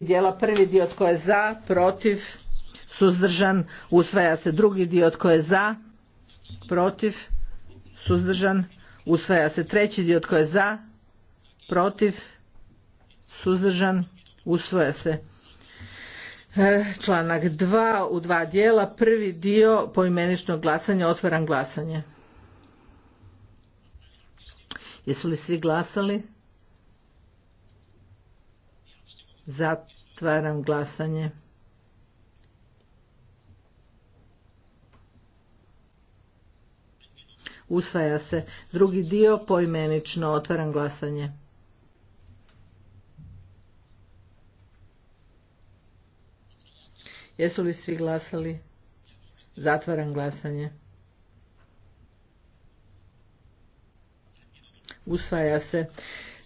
dijela prvi dio tko je za protiv suzdržan usvaja se drugi dio tko je za protiv suzdržan usvaja se treći dio tko je za protiv suzdržan usvaja se e, članak 2 u dva dijela prvi dio poimeničnog glasanja otvaram glasanje jesu li svi glasali Zatvaram glasanje. Usvaja se. Drugi dio poimenično. Otvaram glasanje. Jesu li svi glasali? Zatvaram glasanje. Usvaja se.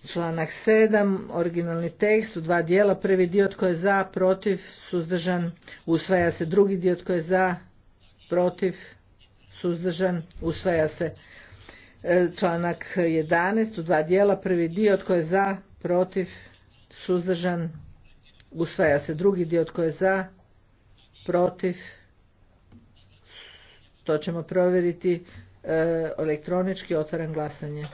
Članak 7, originalni tekst u dva dijela, prvi dio tko je za, protiv, suzdržan, usvaja se drugi dio tko je za, protiv, suzdržan, usvaja se e, članak 11 u dva dijela, prvi dio tko je za, protiv, suzdržan, usvaja se drugi dio tko je za, protiv, to ćemo provjeriti e, elektronički, otvaram glasanje.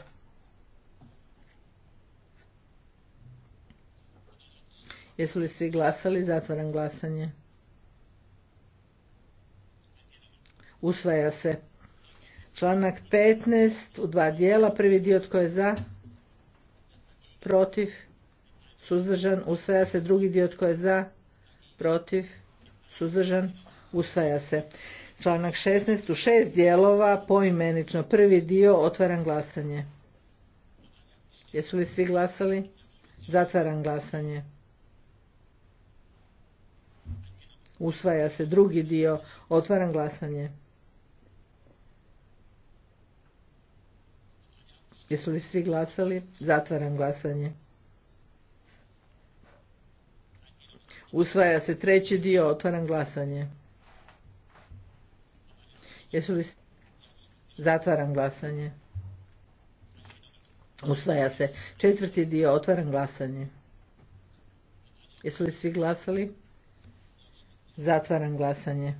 Jesu li svi glasali? Zatvaram glasanje. Usvaja se. Članak 15 u dva dijela. Prvi dio tko je za? Protiv? Suzdržan? Usvaja se. Drugi dio tko je za? Protiv? Suzdržan? Usvaja se. Članak 16 u šest dijelova poimenično. Prvi dio otvaram glasanje. Jesu li svi glasali? Zatvaram glasanje. Usvaja se drugi dio. Otvaram glasanje. Jesu li svi glasali? Zatvaram glasanje. Usvaja se treći dio. Otvaram glasanje. Jesu li... Zatvaram glasanje. Usvaja se. Četvrti dio. Otvaram glasanje. Jesu li svi glasali? Zatvaram glasanje.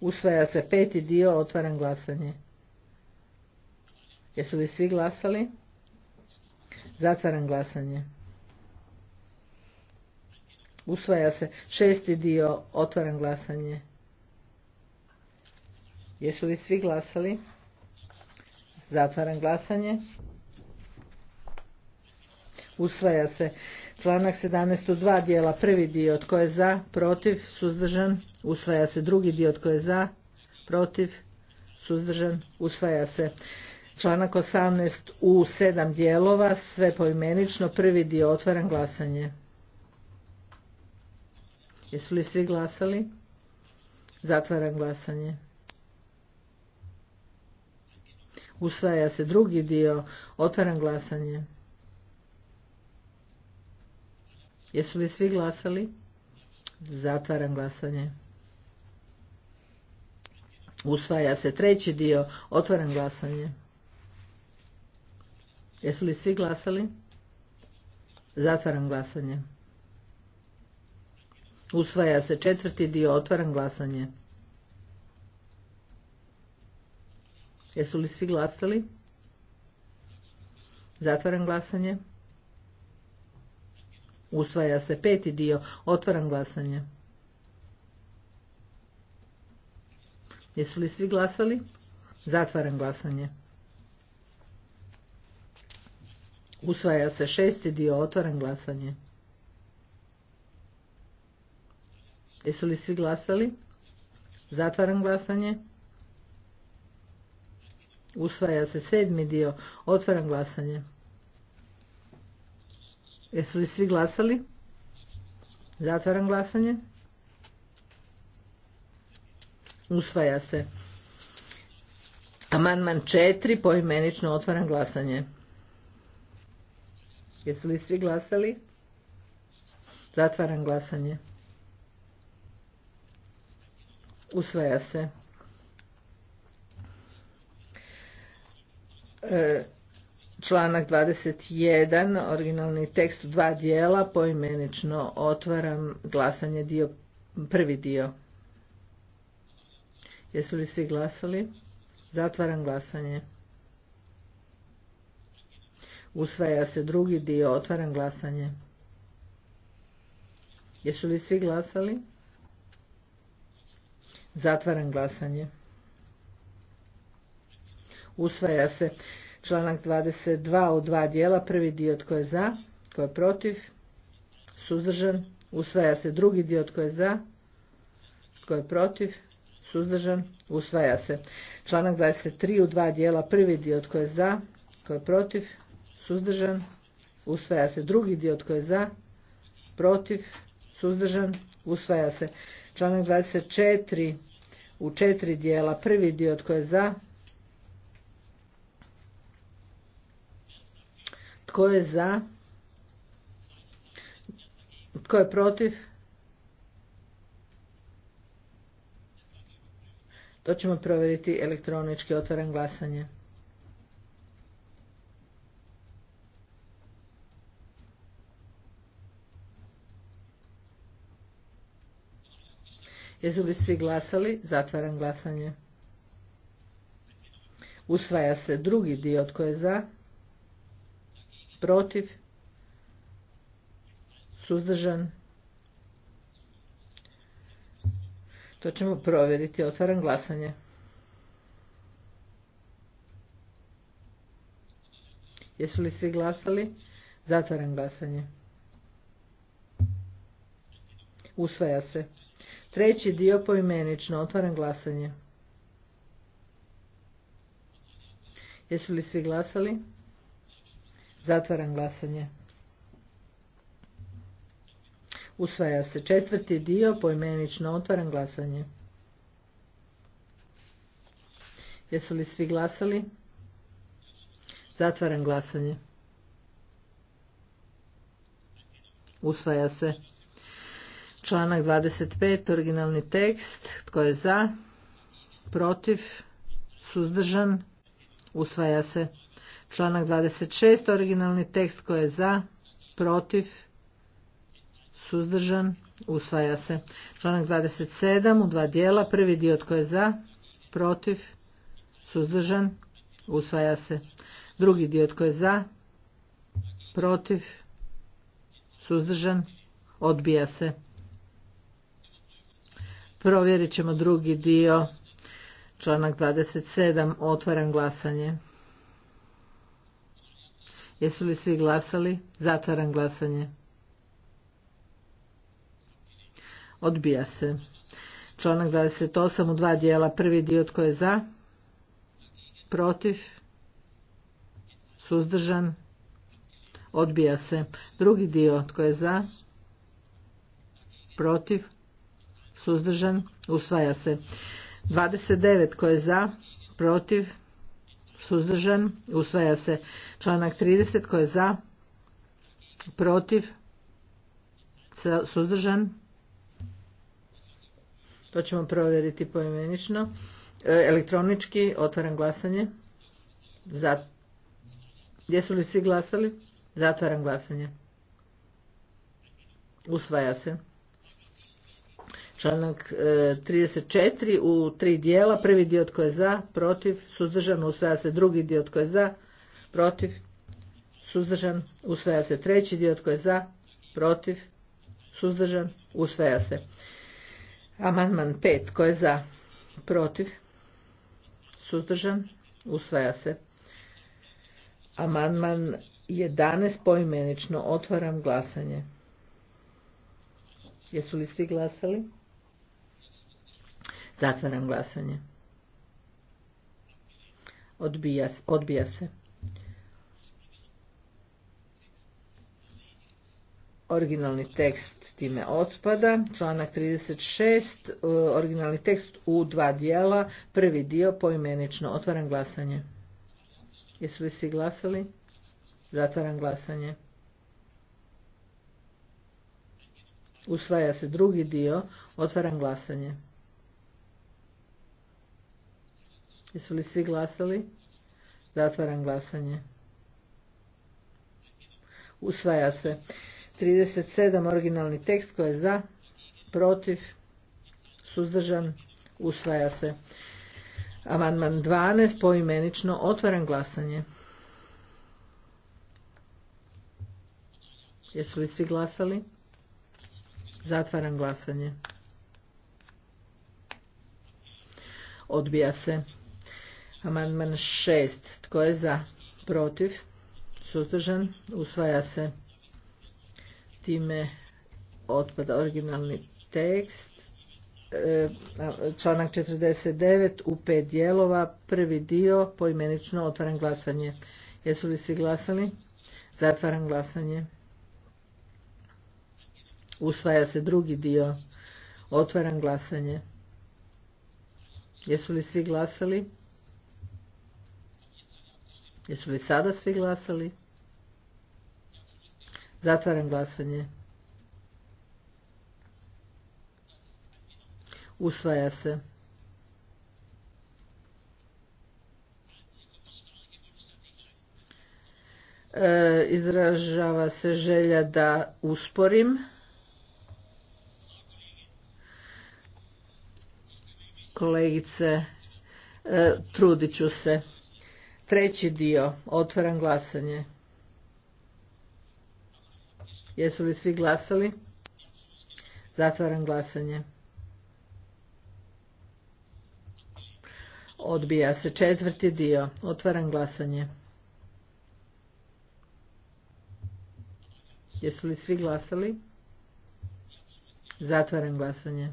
Usvaja se peti dio, otvaram glasanje. Jesu li svi glasali? Zatvaram glasanje. Usvaja se šesti dio, otvaram glasanje. Jesu li svi glasali? Zatvaram glasanje. Usvaja se Članak 17 u dva dijela. Prvi dio tko je za, protiv, suzdržan, usvaja se. Drugi dio tko je za, protiv, suzdržan, usvaja se. Članak 18 u sedam dijelova, sve poimenično, prvi dio otvaram glasanje. Jesu li svi glasali? Zatvaram glasanje. Usvaja se drugi dio, otvaram glasanje. Jesu li svi glasali? Zatvaram glasanje. Usvaja se treći dio. Otvaram glasanje. Jesu li svi glasali? Zatvaram glasanje. Usvaja se četvrti dio. Otvaram glasanje. Jesu li svi glasali? Zatvaram glasanje. Usvaja se peti dio. Otvaram glasanje. Jesu li svi glasali? Zatvaram glasanje. Usvaja se šesti dio. Otvaram glasanje. Jesu li svi glasali? Zatvaram glasanje. Usvaja se sedmi dio. Otvaram glasanje. Jesu li svi glasali? Zatvaram glasanje. Usvaja se. Amandman 4, poimenično otvaram glasanje. Jesu li svi glasali? Zatvaram glasanje. Usvaja se. E, članak 21, originalni tekst u dva dijela, poimenično otvaram glasanje dio, prvi dio. Jesu li svi glasali? Zatvaram glasanje. Usvaja se drugi dio, otvaram glasanje. Jesu li svi glasali? Zatvaram glasanje. Usvaja se Članak 22 u dva dijela, prvi dio tko je za, tko je protiv, suzdržan, usvaja se drugi dio tko je za, tko je protiv, suzdržan, usvaja se. Članak 23 u dva dijela, prvi dio tko je za, tko je protiv, suzdržan, usvaja se drugi dio tko je za, protiv, suzdržan, usvaja se. Članak 24 u četiri dijela, prvi dio tko je za, Tko je za? Tko je protiv? To ćemo provjeriti elektronički. Otvaram glasanje. Jesu li svi glasali? Zatvaram glasanje. Usvaja se drugi dio tko je za protiv, suzdržan. To ćemo provjeriti. Otvaram glasanje. Jesu li svi glasali? Zatvaram glasanje. Usvaja se. Treći dio poimenično. Otvaram glasanje. Jesu li svi glasali? Zatvaram glasanje. Usvaja se četvrti dio, poimenično otvaram glasanje. Jesu li svi glasali? Zatvaram glasanje. Usvaja se. Članak 25, originalni tekst. Tko je za? Protiv? Suzdržan? Usvaja se. Članak 26. Originalni tekst koji je za, protiv, suzdržan, usvaja se. Članak 27. U dva dijela. Prvi dio tko je za, protiv, suzdržan, usvaja se. Drugi dio tko je za, protiv, suzdržan, odbija se. Provjerit ćemo drugi dio, članak 27, otvaram glasanje. Jesu li svi glasali? Zatvaram glasanje. Odbija se. Članak 28 u dva dijela. Prvi dio tko je za? Protiv? Suzdržan? Odbija se. Drugi dio tko je za? Protiv? Suzdržan? Usvaja se. 29 tko je za? Protiv? suzdržan, usvaja se članak 30 koji je za, protiv, suzdržan, to ćemo provjeriti poimenično, e, elektronički, otvaram glasanje, za, su li svi glasali, zatvaram glasanje, usvaja se. Članak 34 e, u tri dijela. Prvi dio tko je za, protiv, suzdržan, usvaja se. Drugi dio tko je za, protiv, suzdržan, usvaja se. Treći dio tko je za, protiv, suzdržan, usvaja se. Amandman 5 tko je za, protiv, suzdržan, usvaja se. Amandman 11 poimenično otvaram glasanje. Jesu li svi glasali? Zatvaram glasanje. Odbija, odbija se. Originalni tekst time otpada. Članak 36. E, originalni tekst u dva dijela. Prvi dio poimenično. Otvaram glasanje. Jesu li svi glasali? Zatvaram glasanje. Usvaja se drugi dio. Otvaram glasanje. Jesu li svi glasali? Zatvaram glasanje. Usvaja se. 37 originalni tekst koji je za, protiv, suzdržan, usvaja se. Amandman 12 poimenično otvaram glasanje. Jesu li svi glasali? Zatvaram glasanje. Odbija se. Amandman 6. Tko je za? Protiv? Suzdržan? Usvaja se. Time otpada originalni tekst. E, članak članak 49 u pet dijelova. Prvi dio poimenično otvaram glasanje. Jesu li svi glasali? Zatvaram glasanje. Usvaja se drugi dio. Otvaram glasanje. Jesu li svi glasali? Jesu li sada svi glasali? Zatvaram glasanje. Usvaja se. E, izražava se želja da usporim. Kolegice, e, trudit ću se. Treći dio, otvaram glasanje. Jesu li svi glasali? Zatvaram glasanje. Odbija se četvrti dio. Otvaram glasanje. Jesu li svi glasali? Zatvaram glasanje.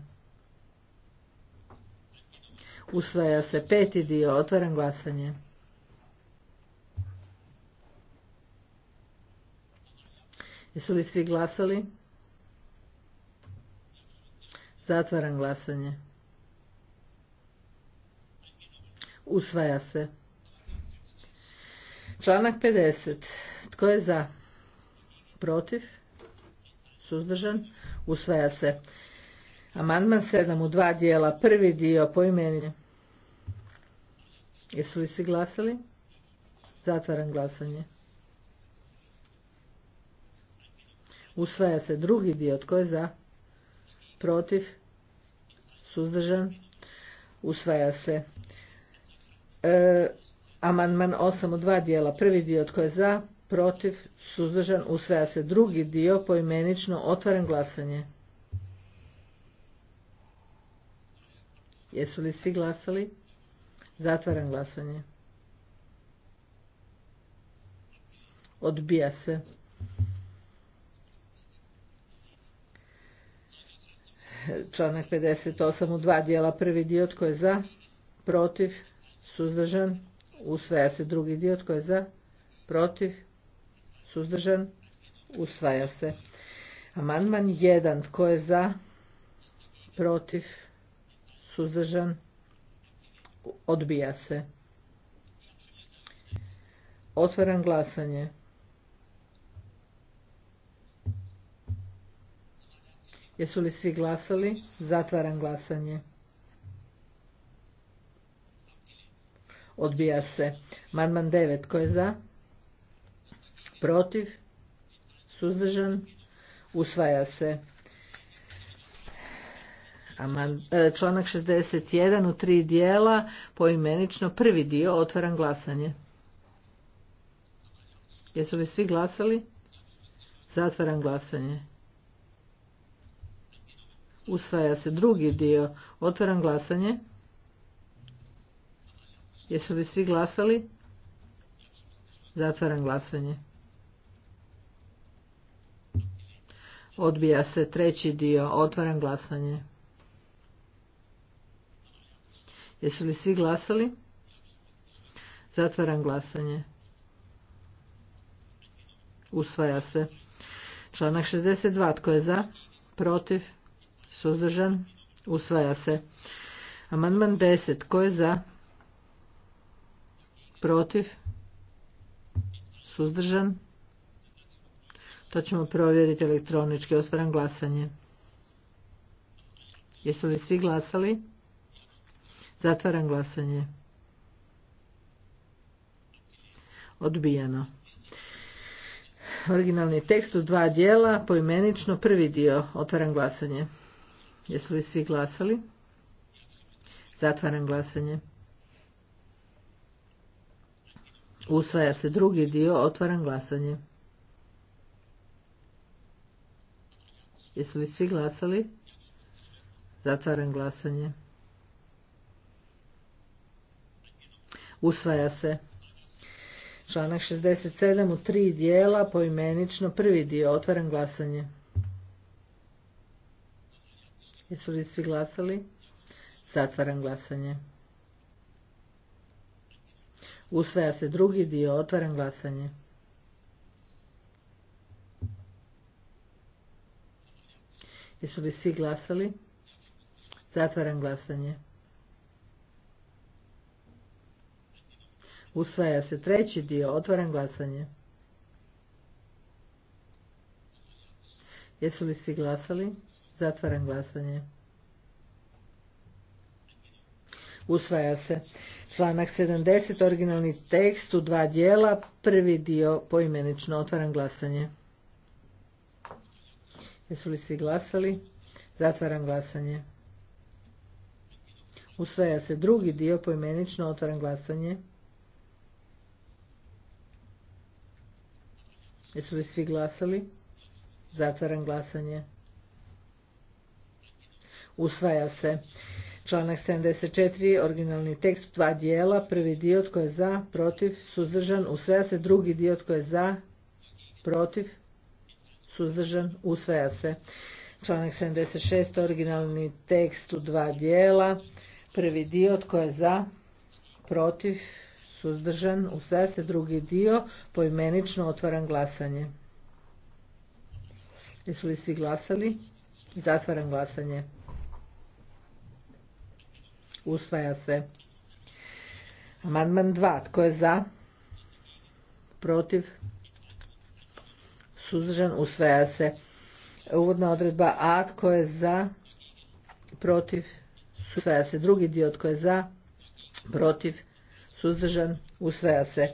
Usvaja se peti dio. Otvaram glasanje. Jesu li svi glasali? Zatvaram glasanje. Usvaja se. Članak 50. Tko je za? Protiv? Suzdržan? Usvaja se. Amandman 7 u dva dijela. Prvi dio po imenu. Jesu li svi glasali? Zatvaram glasanje. Usvaja se drugi dio. Tko je za? Protiv? Suzdržan? Usvaja se. E, amandman 8 u dva dijela. Prvi dio. Tko je za? Protiv? Suzdržan? Usvaja se drugi dio. Poimenično otvaram glasanje. Jesu li svi glasali? Zatvaram glasanje. Odbija se. članak 58 u dva dijela. Prvi dio tko je za, protiv, suzdržan, usvaja se drugi dio tko je za, protiv, suzdržan, usvaja se. Amandman 1 tko je za, protiv, suzdržan, odbija se. Otvaram glasanje. Jesu li svi glasali? Zatvaram glasanje. Odbija se. Manman 9. Ko je za? Protiv? Suzdržan? Usvaja se. E, članak 61 u tri dijela poimenično prvi dio otvaram glasanje. Jesu li svi glasali? Zatvaram glasanje. Usvaja se drugi dio. Otvaram glasanje. Jesu li svi glasali? Zatvaram glasanje. Odbija se treći dio. Otvaram glasanje. Jesu li svi glasali? Zatvaram glasanje. Usvaja se. Članak 62. Tko je za? Protiv? Suzdržan? Usvaja se. Amandman 10. Tko je za? Protiv? Suzdržan? To ćemo provjeriti elektronički. Otvaram glasanje. Jesu li svi glasali? Zatvaram glasanje. Odbijeno. Originalni tekst u dva dijela, poimenično prvi dio. Otvaram glasanje. Jesu li svi glasali? Zatvaram glasanje. Usvaja se drugi dio, otvaram glasanje. Jesu li svi glasali? Zatvaram glasanje. Usvaja se. Članak 67 u tri dijela poimenično prvi dio. Otvaram glasanje. Jesu li svi glasali? Zatvaram glasanje. Usvaja se drugi dio. Otvaram glasanje. Jesu li svi glasali? Zatvaram glasanje. Usvaja se treći dio. Otvaram glasanje. Jesu li svi glasali? Zatvaram glasanje. Usvaja se. Članak 70, originalni tekst u dva dijela, prvi dio poimenično. Otvaram glasanje. Jesu li svi glasali? Zatvaram glasanje. Usvaja se drugi dio poimenično. Otvaram glasanje. Jesu li svi glasali? Zatvaram glasanje usvaja se. Članak 74, originalni tekst, dva dijela, prvi dio tko je za, protiv, suzdržan, usvaja se, drugi dio tko je za, protiv, suzdržan, usvaja se. Članak 76, originalni tekst u dva dijela, prvi dio tko je za, protiv, suzdržan, usvaja se, drugi dio, poimenično otvaram glasanje. Jesu li svi glasali? Zatvaram glasanje usvaja se. Amandman 2. Tko je za? Protiv? Suzdržan? Usvaja se. Uvodna odredba A. Tko je za? Protiv? Usvaja se. Drugi dio. Tko je za? Protiv? Suzdržan? Usvaja se.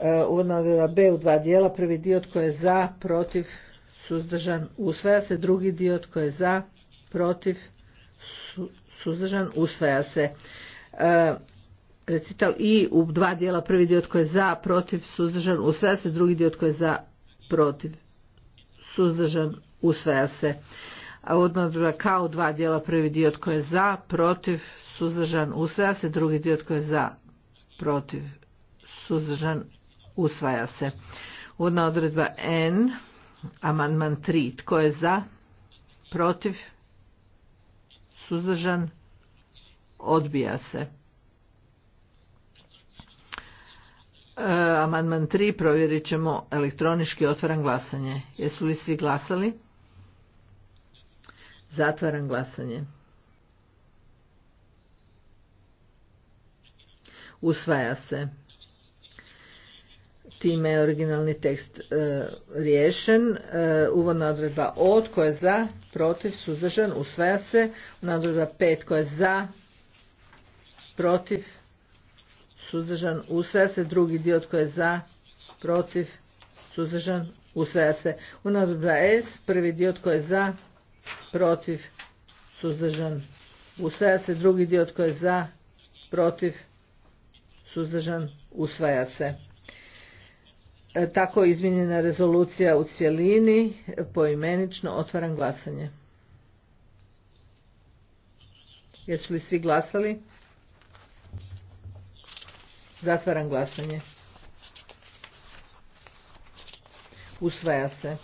E, uvodna odredba B u dva dijela. Prvi dio. Tko je za? Protiv? Suzdržan? Usvaja se. Drugi dio. Tko je za? Protiv? suzdržan, usvaja se. E, i u dva dijela, prvi dio tko je za, protiv, suzdržan, usvaja se, drugi dio tko je za, protiv, suzdržan, usvaja se. A odredba kao dva dijela, prvi dio tko je za, protiv, suzdržan, usvaja se, drugi dio tko je za, protiv, suzdržan, usvaja se. Uvodna odredba N, amandman 3, tko je za, protiv, suzdržan, odbija se. E, Amandman 3 provjerit ćemo elektronički otvaram glasanje. Jesu li svi glasali? Zatvaram glasanje. Usvaja se. Time je originalni tekst e, riješen. E, uvodna odredba od, tko je za, protiv, suzdržan, usvaja se. Uvodna odredba 5, tko je za, protiv, suzdržan, usvaja se. Drugi dio, tko je za, protiv, suzdržan, usvaja se. Uvodna odredba S, prvi dio, tko je za, protiv, suzdržan, usvaja se. Drugi dio, tko je za, protiv, suzdržan, usvaja se. E, tako izmijenjena rezolucija u cjelini poimenično otvaram glasanje. Jesu li svi glasali? Zatvaram glasanje. Usvaja se.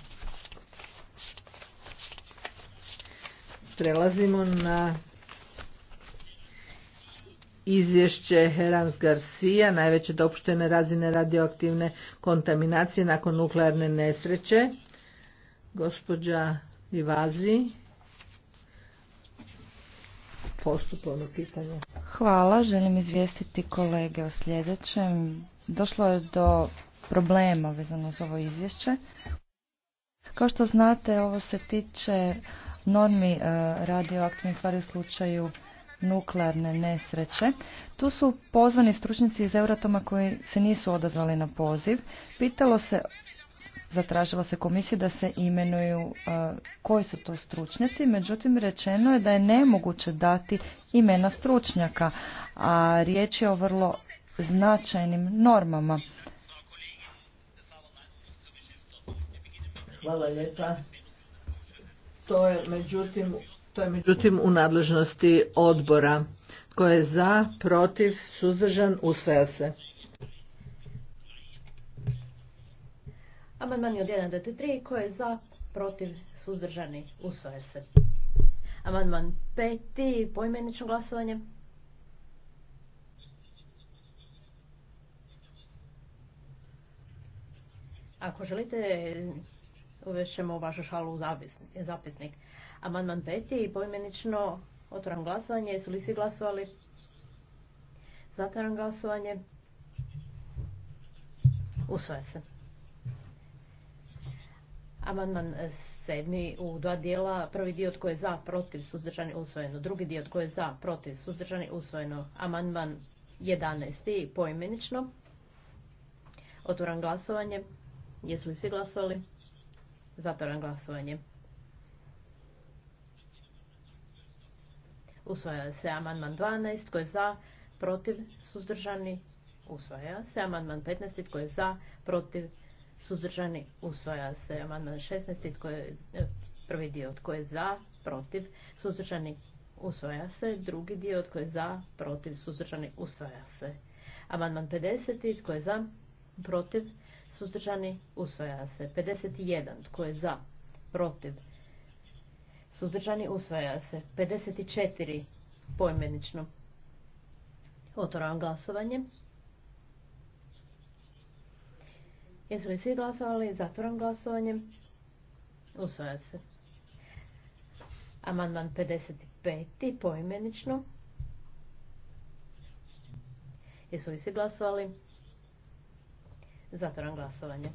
Prelazimo na izvješće Herams Garcia, najveće dopuštene razine radioaktivne kontaminacije nakon nuklearne nesreće. Gospođa Ivazi, postupovno pitanje. Hvala, želim izvijestiti kolege o sljedećem. Došlo je do problema vezano za ovo izvješće. Kao što znate, ovo se tiče normi eh, radioaktivnih tvari u slučaju nuklearne nesreće. Tu su pozvani stručnjaci iz Euratoma koji se nisu odazvali na poziv. Pitalo se, zatražilo se komisiju da se imenuju e, koji su to stručnjaci, međutim rečeno je da je nemoguće dati imena stručnjaka, a riječ je o vrlo značajnim normama. Hvala lijepa. To je međutim to je međutim u nadležnosti odbora. Tko je za, protiv, suzdržan, usvaja se. Amandmani od 1 do 3. Tko je za, protiv, suzdržani, usvaja se. Amandman 5. Poimenično glasovanje. Ako želite, ćemo vašu šalu u zapisnik. Amandman peti, i poimenično otvoram glasovanje. Jesu li svi glasovali? Zatvaram glasovanje. Usvaja se. Amandman e, sedmi u dva dijela. Prvi dio tko je za, protiv, suzdržani, usvojeno. Drugi dio tko je za, protiv, suzdržani, usvojeno. Amandman 11. poimenično. Otvoram glasovanje. Jesu li svi glasovali? Zatvoram glasovanje. Usvaja se amandman 12. Tko je za? Protiv? Suzdržani? Usvaja se amandman 15. Tko je za? Protiv? Suzdržani? Usvaja se amandman 16. Tko je e, prvi dio? Tko je za? Protiv? Suzdržani? Usvaja se. Drugi dio? Tko je za? Protiv? Suzdržani? Usvaja se. Amandman 50. Tko je za? Protiv? Suzdržani? Usvaja se. 51. Tko je za? Protiv? Suzdržani usvaja se. 54 pojmenično. Otvoram glasovanje. Jesu li svi glasovali? Zatvoram glasovanje. Usvaja se. Amandman 55. pojmenično. Jesu li svi glasovali? Zatvoram glasovanje.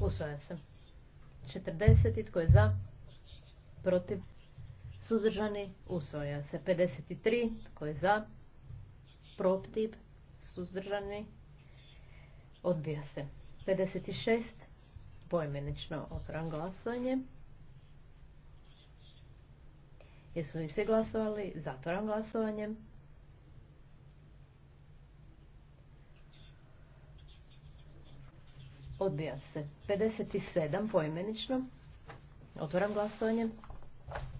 Usvaja se. 40. Tko je za? Protiv? Suzdržani? Usvoja se. 53. Tko je za? Protiv? Suzdržani? Odbija se. 56. Pojmenično otvoran glasovanje. Jesu li svi glasovali? Zatvoram glasovanje. Odbija se. 57 poimenično. Otvoram glasovanje.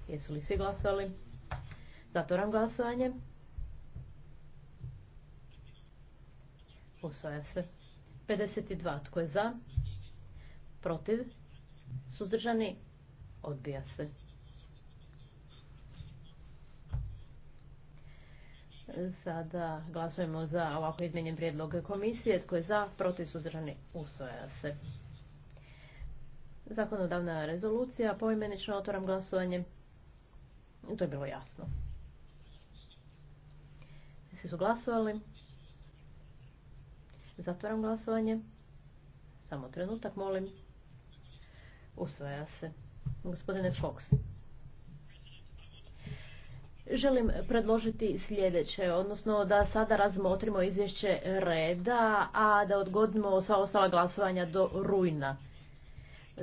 Jesu li svi glasovali? Zatvoram glasovanje. Usvaja se. 52. Tko je za? Protiv? Suzdržani? Odbija se. Sada glasujemo za ovako izmjenjen prijedlog komisije. Tko je za, protiv, suzdržani, usvoja se. Zakonodavna rezolucija, poimenično otvaram glasovanje. To je bilo jasno. Svi su glasovali. Zatvaram glasovanje. Samo trenutak, molim. Usvaja se. Gospodine Fox želim predložiti sljedeće, odnosno da sada razmotrimo izvješće reda, a da odgodimo sva ostala glasovanja do rujna.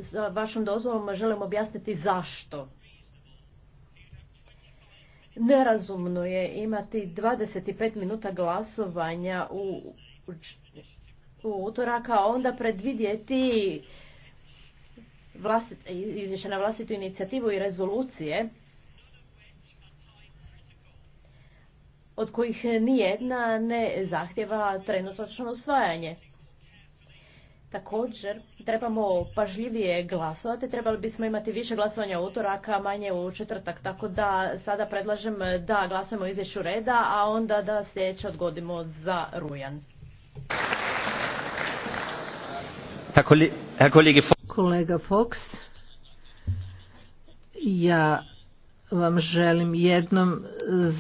Sa vašom dozvolom želim objasniti zašto. Nerazumno je imati 25 minuta glasovanja u, u utorak, a onda predvidjeti izvješće na vlastitu inicijativu i rezolucije od kojih nijedna ne zahtjeva trenutačno usvajanje. Također, trebamo pažljivije glasovati, trebali bismo imati više glasovanja u utorak, a manje u četvrtak, tako da sada predlažem da glasujemo izvješću reda, a onda da sljedeće odgodimo za rujan. Kolega Fox, ja vam želim jednom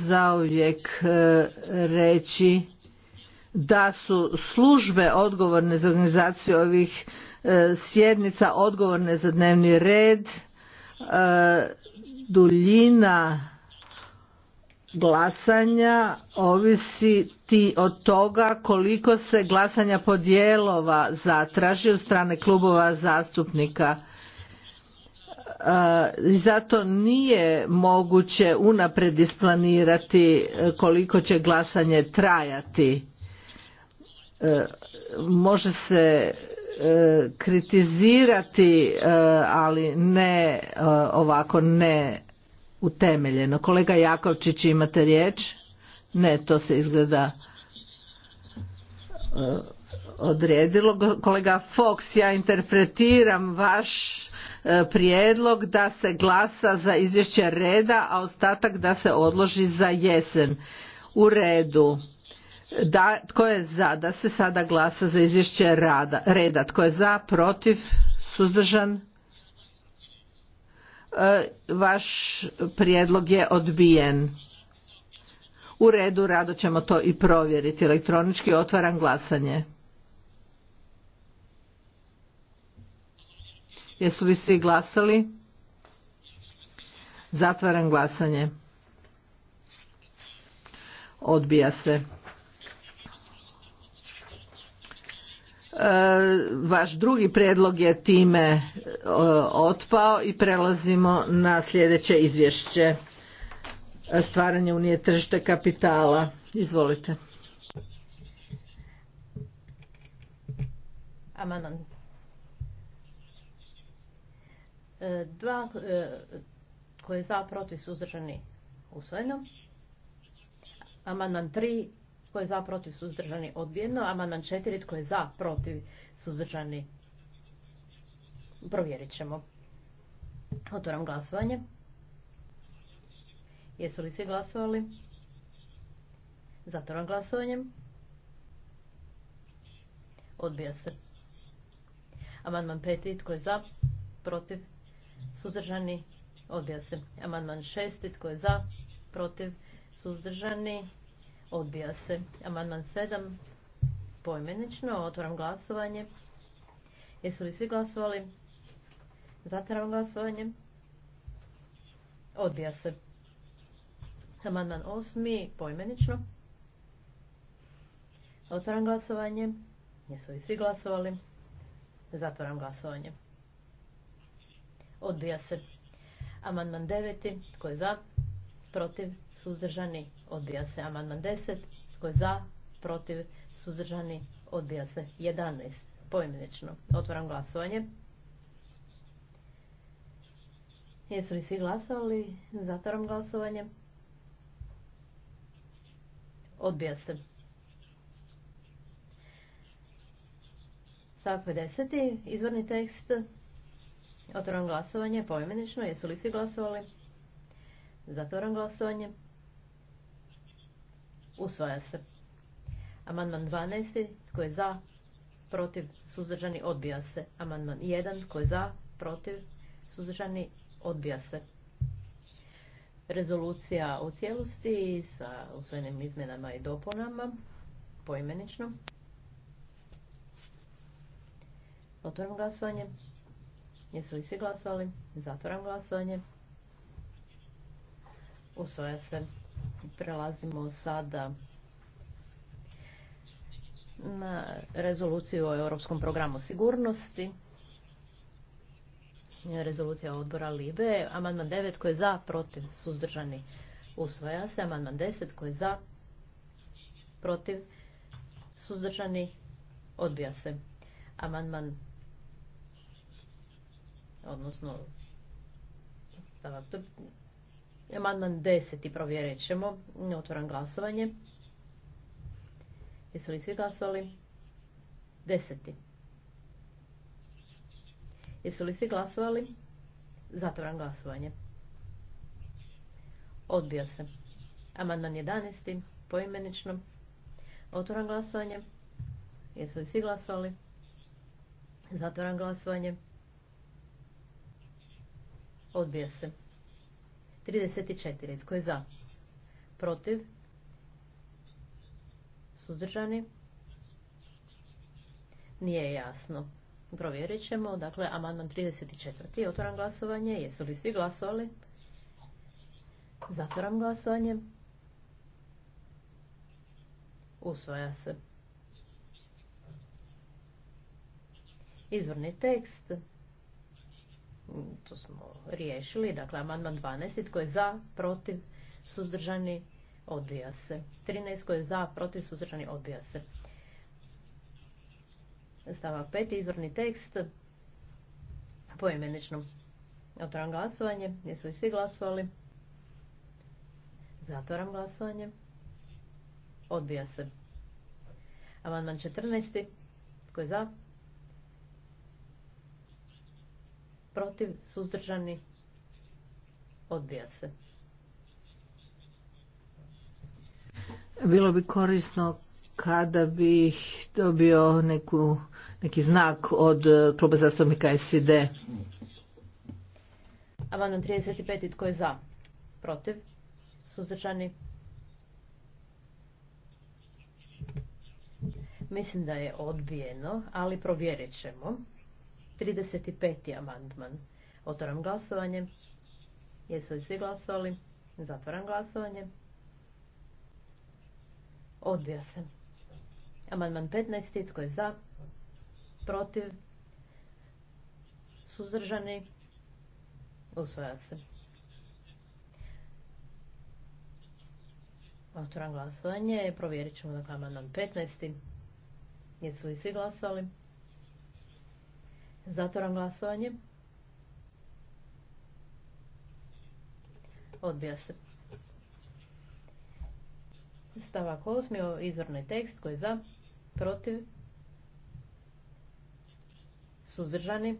zauvijek e, reći da su službe odgovorne za organizaciju ovih e, sjednica odgovorne za dnevni red e, duljina glasanja ovisi ti od toga koliko se glasanja podjelova zatraži od strane klubova zastupnika zato nije moguće unaprijed isplanirati e, koliko će glasanje trajati e, može se e, kritizirati ali ne ovako ne utemeljeno kolega Jakovčić imate riječ ne to se izgleda odredilo. Kolega Fox, ja interpretiram vaš e, prijedlog da se glasa za izvješće reda, a ostatak da se odloži za jesen. U redu. tko je za? Da se sada glasa za izvješće reda. Tko je za? Protiv? Suzdržan? E, vaš prijedlog je odbijen. U redu, rado ćemo to i provjeriti. Elektronički otvaram glasanje. Jesu li svi glasali? Zatvaram glasanje. Odbija se. E, vaš drugi predlog je time e, otpao i prelazimo na sljedeće izvješće. Stvaranje unije tržište kapitala. Izvolite. E, dva e, koje je za, protiv, suzdržani, usvojeno. Amandman tri tko je za, protiv, suzdržani, odbijeno. Amandman četiri tko je za, protiv, suzdržani, provjerit ćemo. Otvoram glasovanje. Jesu li svi glasovali? Zatvoram glasovanje. Odbija se. Amandman peti Tko je za? Protiv? suzdržani, odbija se. Amandman 6, tko je za, protiv, suzdržani, odbija se. Amandman 7, poimenično, Otvaram glasovanje. Jesu li svi glasovali? Zatvaram glasovanje. Odbija se. Amandman osmi, poimenično. Otvaram glasovanje. Jesu li svi glasovali? Zatvaram glasovanje. Odbija se. Amandman 9. Tko je za? Protiv? Suzdržani? Odbija se. Amandman 10. Tko je za? Protiv? Suzdržani? Odbija se. 11. Pojmenično. Otvaram glasovanje. Jesu li svi glasovali? Zatvaram glasovanje. Odbija se. Stavak 50. Izvorni tekst. Otvoram glasovanje poimenično. Jesu li svi glasovali? Zatvoram glasovanje. Usvaja se. Amandman 12. Tko je za? Protiv? Suzdržani? Odbija se. Amandman 1. Tko je za? Protiv? Suzdržani? Odbija se. Rezolucija u cijelosti sa usvojenim izmjenama i dopunama poimenično. Otvorim glasovanje. Jesu li svi glasovali? Zatvoram glasovanje. Usvoja se. Prelazimo sada na rezoluciju o Europskom programu sigurnosti. Rezolucija odbora Libe. Amandman 9 koji je za, protiv, suzdržani. usvoja se. Amandman 10 koji je za, protiv, suzdržani. Odbija se. Amandman odnosno stavak amandman 10 provjerit ćemo otvoram glasovanje jesu li svi glasovali deseti jesu li svi glasovali zatvoram glasovanje odbija se amandman 11 poimenično otvoram glasovanje jesu li svi glasovali zatvoram glasovanje Odbija se. 34. Tko je za? Protiv? Suzdržani? Nije jasno. Provjerit ćemo. Dakle, amandman 34. Otvoram glasovanje. Jesu li svi glasovali? Zatvoram glasovanje. Usvaja se. Izvorni tekst to smo riješili. Dakle, amandman 12. Tko je za, protiv, suzdržani, odbija se. 13. Tko je za, protiv, suzdržani, odbija se. Stavak 5. Izvorni tekst. Poimenično. Otvoram glasovanje. Jesu li svi glasovali? Zatvaram glasovanje. Odbija se. Amandman 14. Tko je za? protiv, suzdržani, odbija se. Bilo bi korisno kada bih dobio neku, neki znak od e, kluba zastupnika SID. Amandman 35. Tko je za? Protiv? Suzdržani? Mislim da je odbijeno, ali provjerit ćemo. 35. amandman. Otvoram glasovanje. Jesu li svi glasovali? Zatvoram glasovanje. Odbija se. Amandman 15. Tko je za? Protiv? Suzdržani? Usvoja se. Otvoram glasovanje. Provjerit ćemo dakle amandman 15. Jesu li svi glasovali? Zatvaram glasovanje. Odbija se. Stavak 8. Izvorni tekst koji je za, protiv, suzdržani.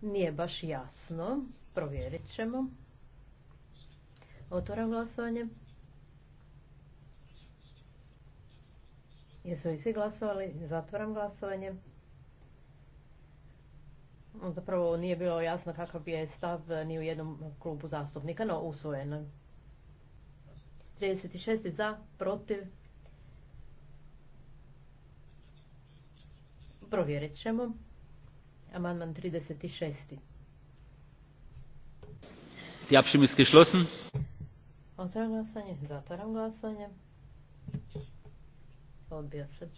Nije baš jasno. Provjerit ćemo. Otvoram glasovanje. Jesu li svi glasovali? Zatvoram glasovanje. Zapravo nije bilo jasno kakav je stav ni u jednom klubu zastupnika, no usvojeno. 36. za, protiv. Provjerit ćemo. Amandman 36. Die Abstimmung ist geschlossen. Otvaram glasanje, zatvaram glasanje. Odbija se.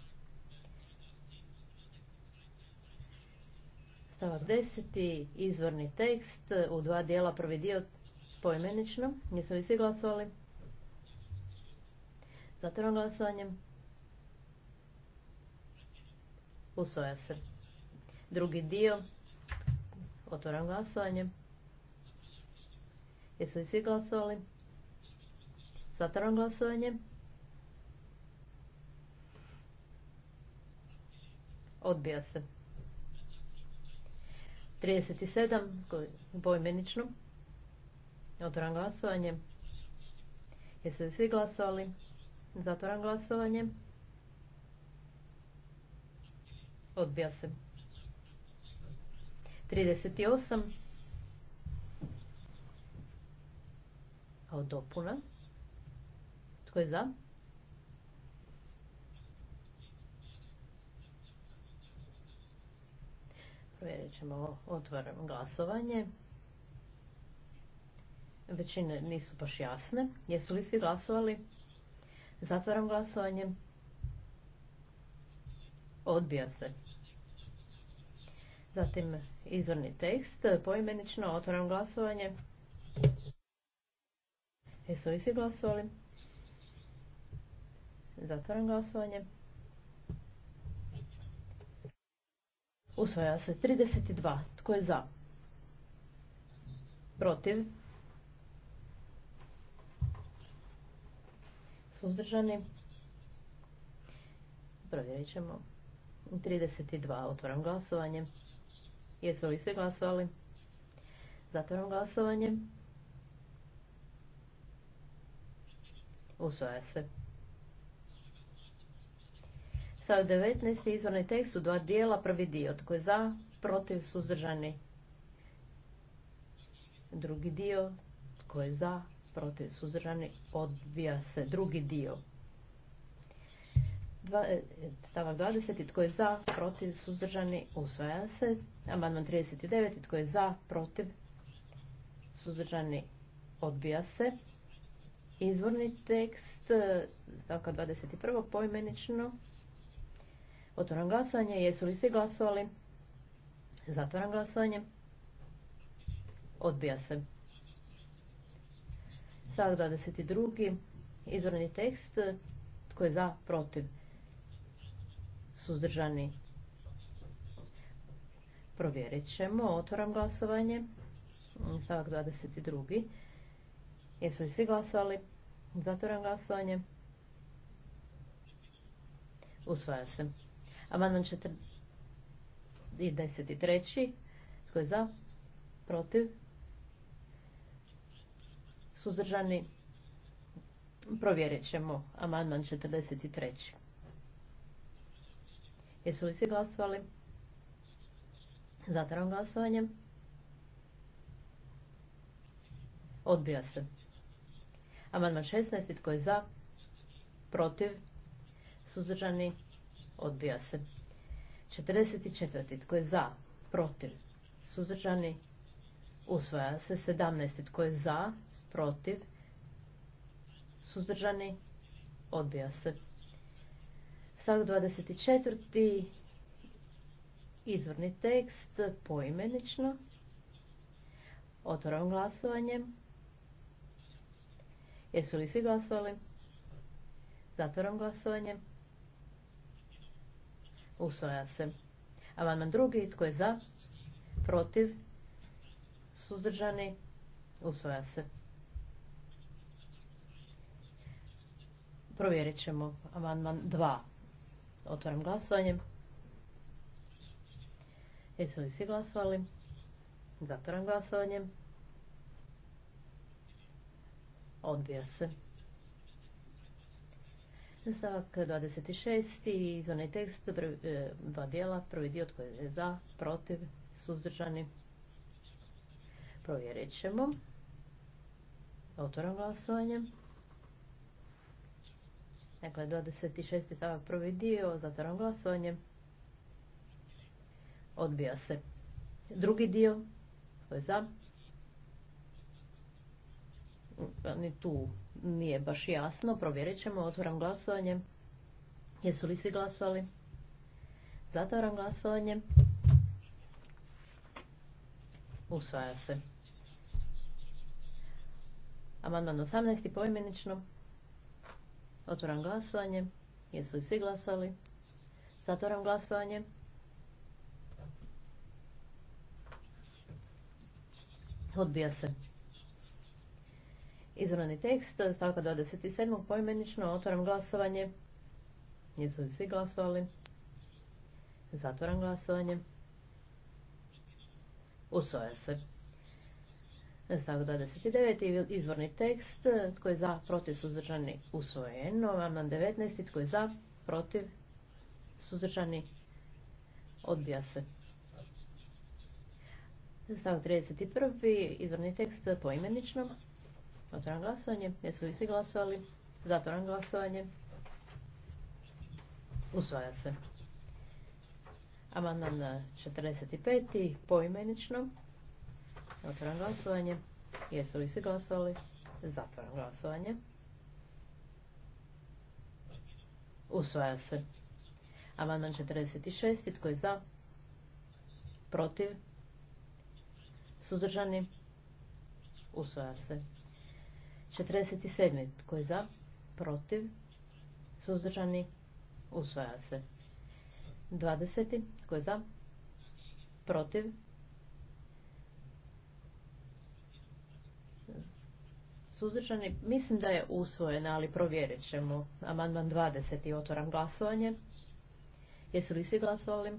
Stavak deseti, Izvorni tekst e, u dva dijela. Prvi dio poimenično. Nisu li svi glasovali? Zatvorom glasovanjem. Usvoja se. Drugi dio. Otvoram glasovanje. Jesu li svi glasovali? Zatvoram glasovanje. Odbija se. 37 poimenično. Otvoram glasovanje. Jeste li svi glasovali? Zatvoram glasovanje. Odbija se. 38. Od dopuna. Tko je za? vidjet ćemo, otvaram glasovanje. Većine nisu baš jasne. Jesu li svi glasovali? Zatvaram glasovanje. Odbija se. Zatim izvrni tekst. Poimenično otvaram glasovanje. Jesu li svi glasovali? Zatvaram glasovanje. Usvaja se 32. Tko je za? Protiv? Suzdržani? Provjerit ćemo. 32. Otvaram glasovanje. Jesu li svi glasovali? Zatvaram glasovanje. Usvaja se. Stavak 19. izvorni tekst u dva dijela, prvi dio, tko je za, protiv, suzdržani. Drugi dio, tko je za, protiv, suzdržani, odbija se. Drugi dio, Dva, e, stavak 20. Tko je za, protiv, suzdržani, usvaja se. Amandman 39. Tko je za, protiv, suzdržani, odbija se. Izvorni tekst e, stavka 21. poimenično. Otvoram glasovanje. Jesu li svi glasovali? Zatvoram glasovanje. Odbija se. Stavak 22. Izvorni tekst. Tko je za, protiv? Suzdržani. Provjerit ćemo. Otvoram glasovanje. Stavak 22. Jesu li svi glasovali? Zatvoram glasovanje. Usvaja se. Amandman 43. Tko je za? Protiv? Suzdržani? Provjerit ćemo amandman 43. Jesu li svi glasovali? Zatvaram glasovanje. Odbija se. Amandman 16. Tko je za? Protiv? Suzdržani? odbija se. 44. tko je za, protiv, suzdržani, usvaja se. 17. tko je za, protiv, suzdržani, odbija se. Stavak 24. izvorni tekst poimenično. Otvoram glasovanje. Jesu li svi glasovali? Zatvoram glasovanjem. Usvaja se. Amandman drugi. Tko je za? Protiv? Suzdržani? Usvaja se. Provjerit ćemo amandman 2. Otvaram glasovanje. Jesu li svi glasovali? Zatvaram glasovanje. Odbija se. Stavak 26. onaj tekst, e, dva dijela, prvi dio tko je za, protiv, suzdržani. Provjerit ćemo. Otvoram glasovanje. Dakle, 26. stavak prvi dio, zatvoram glasovanje. Odbija se. Drugi dio, tko je za, pa ni tu nije baš jasno. Provjerit ćemo, otvoram glasovanje. Jesu li svi glasovali? Zatvaram glasovanje. Usvaja se. Amandman 18. poimenično. Otvoram glasovanje. Jesu li svi glasali? Zatvoram glasovanje. Odbija se izvorni tekst stavka 27. poimenično otvaram glasovanje. Nisu li svi glasovali? Zatvaram glasovanje. Usvoja se. Stavak 29. izvorni tekst. Tko je za, protiv, suzdržani, usvojeno. Amandman 19. Tko je za, protiv, suzdržani, odbija se. Stavak 31. izvorni tekst poimenično. Otvaram glasovanje. Jesu li svi glasovali? Zatvaram glasovanje. Usvaja se. Amandman 45. poimenično. Otvaram glasovanje. Jesu li svi glasovali? Zatvaram glasovanje. Usvaja se. Amandman 46. Tko je za? Protiv? Suzdržani? Usvaja se. 47. Tko je za? Protiv? Suzdržani? Usvaja se. 20. Tko je za? Protiv? Suzdržani? Mislim da je usvojena, ali provjerit ćemo. Amandman 20. Otvoram glasovanje. Jesu li svi glasovali?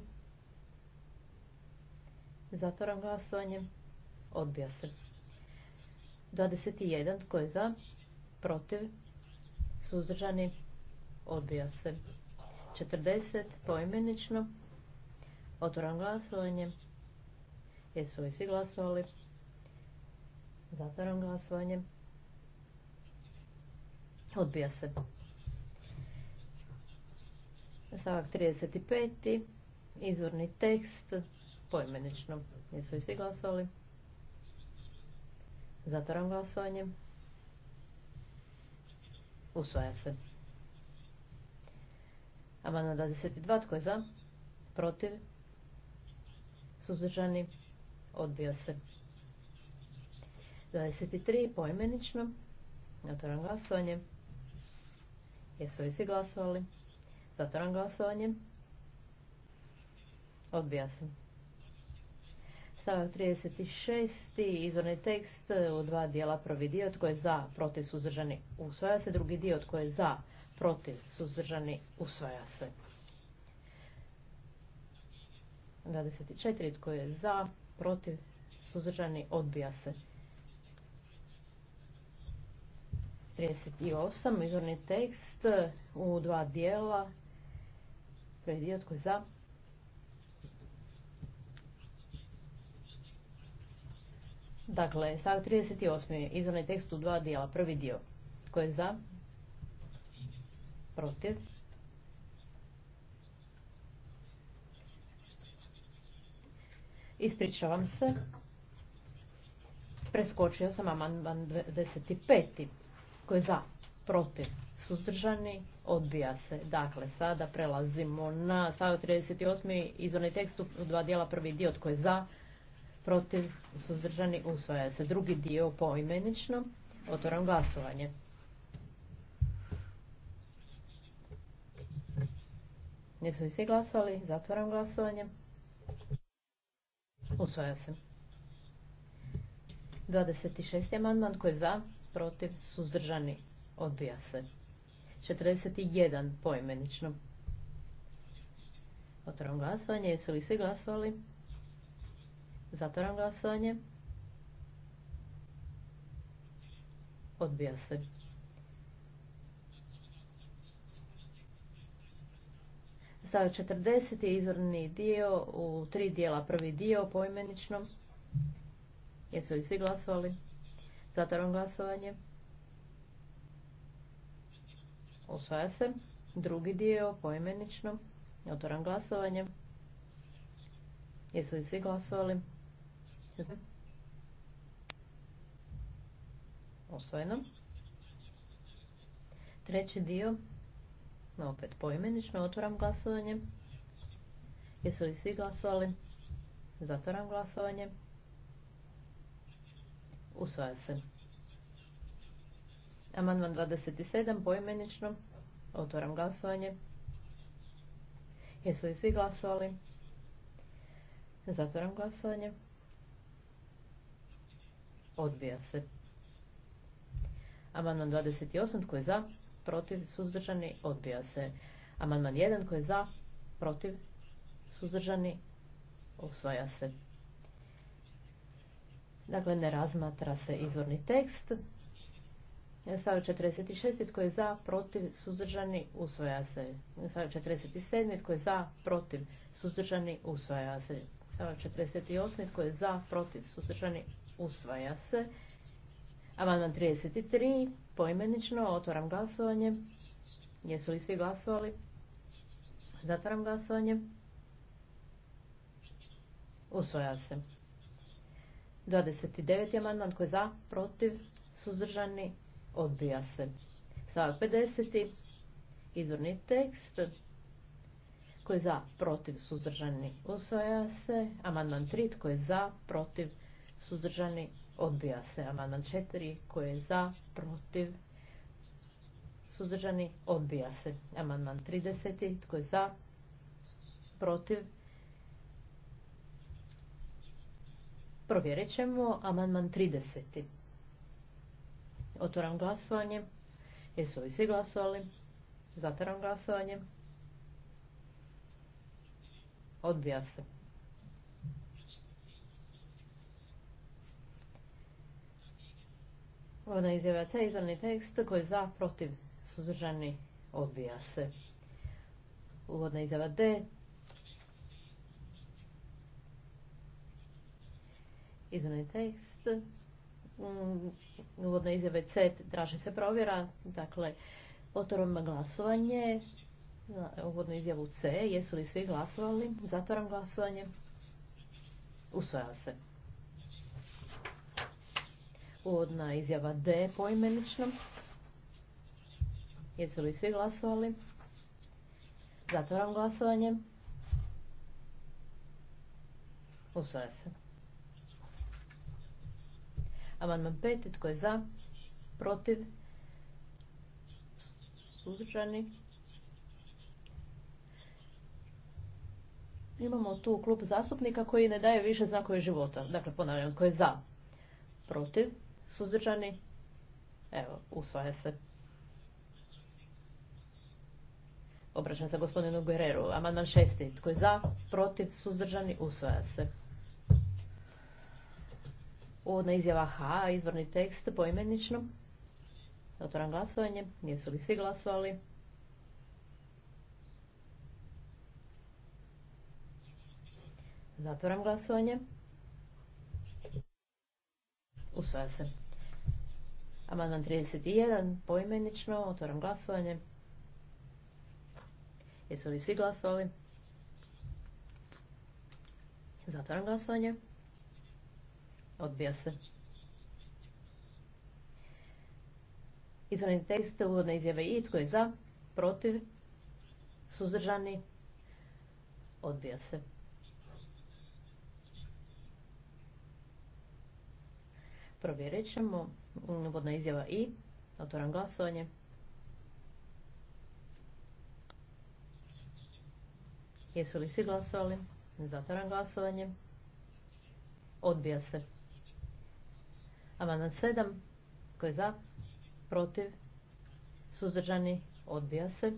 Zatvoram glasovanje. Odbija se. 21. Tko je za? Protiv? Suzdržani? Odbija se. 40. Poimenično. Otvoram glasovanje. Jesu li svi glasovali? Zatvaram glasovanje. Odbija se. Stavak 35. Izvorni tekst. Poimenično. Jesu li svi glasovali? Zatvaram glasovanje. Usvaja se. Amandman 22. Tko je za? Protiv? Suzdržani? Odbija se. 23. Poimenično. Zatvaram glasovanje. Jesu li svi glasovali? Zatvaram glasovanje. Odbija se. 36. izvorni tekst u dva dijela. Prvi dio tko je za, protiv, suzdržani, usvaja se. Drugi dio tko je za, protiv, suzdržani, usvaja se. 24. Tko je za, protiv, suzdržani, odbija se. 38. Izvorni tekst u dva dijela. Prvi dio tko je za, Dakle, stavak 38. izvan tekst u dva dijela. Prvi dio. Tko je za? Protiv? Ispričavam se. Preskočio sam amandman 25. Tko je za? Protiv? Suzdržani? Odbija se. Dakle, sada prelazimo na stavak 38. izvorni tekst u dva dijela. Prvi dio tko je za? protiv, suzdržani, usvaja se. Drugi dio poimenično, otvoram glasovanje. Jesu li svi glasovali? Zatvaram glasovanje. Usvaja se. 26. amandman koji je za, protiv, suzdržani, odbija se. 41. poimenično. otvoram glasovanje. Jesu li svi glasovali? Zatvaram glasovanje. Odbija se. Za 40. je dio u tri dijela. Prvi dio poimenično. Jesu li svi glasovali? Zatvoram glasovanje. Osvaja se. Drugi dio poimenično. Otvaram glasovanje. Jesu li svi glasovali? Osvojeno. Treći dio. No, opet poimenično otvoram glasovanje. Jesu li svi glasovali? Zatvoram glasovanje. Usvaja se. Amandman 27 poimenično. Otvoram glasovanje. Jesu li svi glasovali? Zatvoram glasovanje. Odbija se. Amandman 28 tko je za, protiv, suzdržani, odbija se. Amandman 1 tko je za, protiv, suzdržani, usvaja se. Dakle, ne razmatra se izvorni tekst. Stavio 46. Tko je za, protiv, suzdržani, usvaja se. Stavio 47. Tko je za, protiv, suzdržani, usvaja se. Stavio 48. Tko je za, protiv, suzdržani, Usvaja se. Amandman 33. Poimenično otvaram glasovanje. Jesu li svi glasovali? Zatvaram glasovanje. Usvaja se. 29. amandman koji je za, protiv, suzdržani, odbija se. Stavak 50. Izvorni tekst koji je za, protiv, suzdržani, usvaja se. Amandman 3. Koji je za, protiv, suzdržani, odbija se. Amandman 4 koji je za, protiv, suzdržani, odbija se. Amandman 30 tko je za, protiv, Provjerit ćemo amandman 30. Otvoram glasovanje. Jesu li svi glasovali? Zatvaram glasovanje. Odbija se. Uvodna izjava C, izravni tekst koji je za, protiv, suzdržani, odbija se. Uvodna izjava D, izvrni tekst, mm, uvodna izjava C, traži se provjera, dakle, otvorom glasovanje, uvodnu izjavu C, jesu li svi glasovali, zatvoram glasovanje, usvaja se. Uvodna izjava D poimenično. Jesu li svi glasovali? Zatvoram glasovanje. Usvaja se. Amandman 5. Tko je za? Protiv? Suzdržani? Imamo tu klub zastupnika koji ne daje više znakove života. Dakle, ponavljam, tko je za? Protiv? Suzdržani? Evo, usvaja se. Obraćam se gospodinu Guerreru. Amandman šesti. Tko je za, protiv, suzdržani, usvaja se. Uvodna izjava H, izvorni tekst, poimenično. Otvoram glasovanje. Nisu li svi glasovali? Zatvoram glasovanje. Usvaja se. Amandman 31, poimenično, otvoram glasovanje. Jesu li svi glasovali? Zatvoram glasovanje. Odbija se. Izvorni tekste, uvodne izjave i tko je za, protiv, suzdržani, odbija se. Provjerit ćemo. Uvodna izjava i. Otvoram glasovanje. Jesu li svi glasovali? Zatvaram glasovanje. Odbija se. Amandman 7. Koji je za? Protiv? Suzdržani? Odbija se.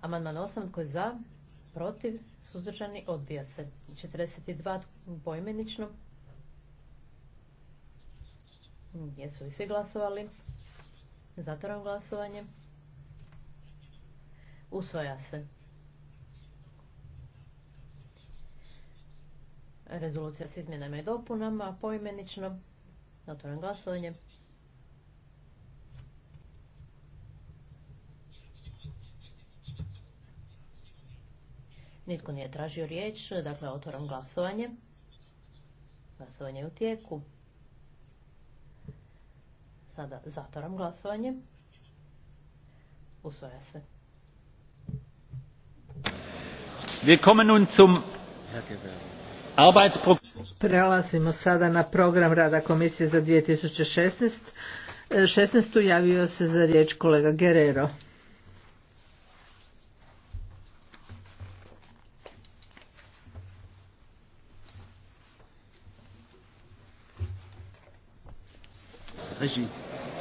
Amandman 8. Tko je za? Protiv? Suzdržani? Odbija se. 42. Poimenično. Jesu li svi glasovali? Zatvaram glasovanje. Usvoja se. Rezolucija s izmjenama i dopunama, poimenično. Zatvaram glasovanje. Nitko nije tražio riječ, dakle otvoram glasovanje. Glasovanje je u tijeku. Sada zatvaram glasovanje. Usvaja se. Wir kommen nun zum Prelazimo sada na program rada komisije za 2016. 16. E, javio se za riječ kolega Guerrero.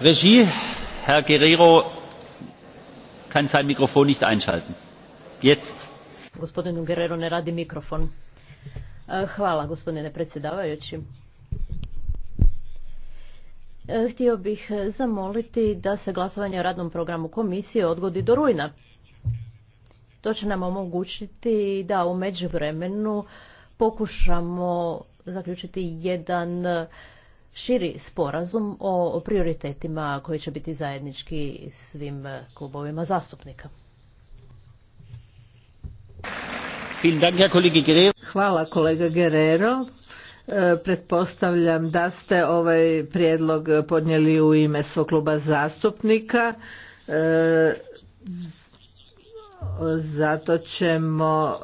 Regie, Herr Guerrero kann sein Mikrofon nicht einschalten. Jetzt. Gospodinu Guerrero ne radi mikrofon. E, hvala gospodine predsjedavajući. E, htio bih zamoliti da se glasovanje o radnom programu komisije odgodi do rujna. To će nam omogućiti da u međuvremenu pokušamo zaključiti jedan širi sporazum o prioritetima koji će biti zajednički svim eh, klubovima zastupnika. Hvala kolega Guerrero. Eh, pretpostavljam da ste ovaj prijedlog podnijeli u ime svog kluba zastupnika. Eh, zato ćemo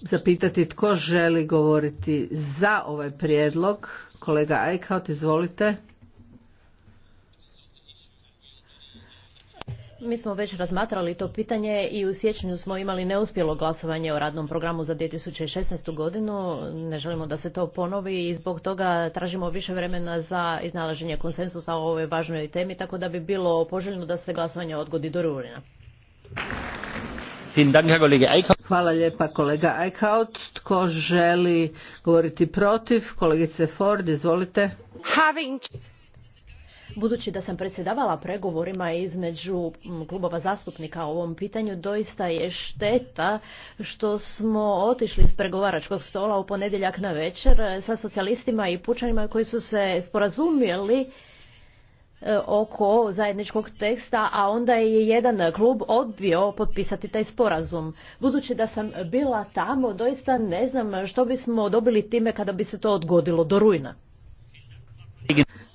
zapitati tko želi govoriti za ovaj prijedlog. Kolega Eichhout, izvolite. Mi smo već razmatrali to pitanje i u siječnju smo imali neuspjelo glasovanje o radnom programu za 2016. godinu. Ne želimo da se to ponovi i zbog toga tražimo više vremena za iznalaženje konsensusa o ovoj važnoj temi, tako da bi bilo poželjno da se glasovanje odgodi do rujna. Hvala lijepa kolega Eichhout. Tko želi govoriti protiv? Kolegice Ford, izvolite. Budući da sam predsjedavala pregovorima između mm, klubova zastupnika o ovom pitanju, doista je šteta što smo otišli iz pregovaračkog stola u ponedjeljak na večer sa socijalistima i pučanima koji su se sporazumjeli E, oko zajedničkog teksta, a onda je jedan klub odbio potpisati taj sporazum. Budući da sam bila tamo, doista ne znam što bismo dobili time kada bi se to odgodilo do rujna.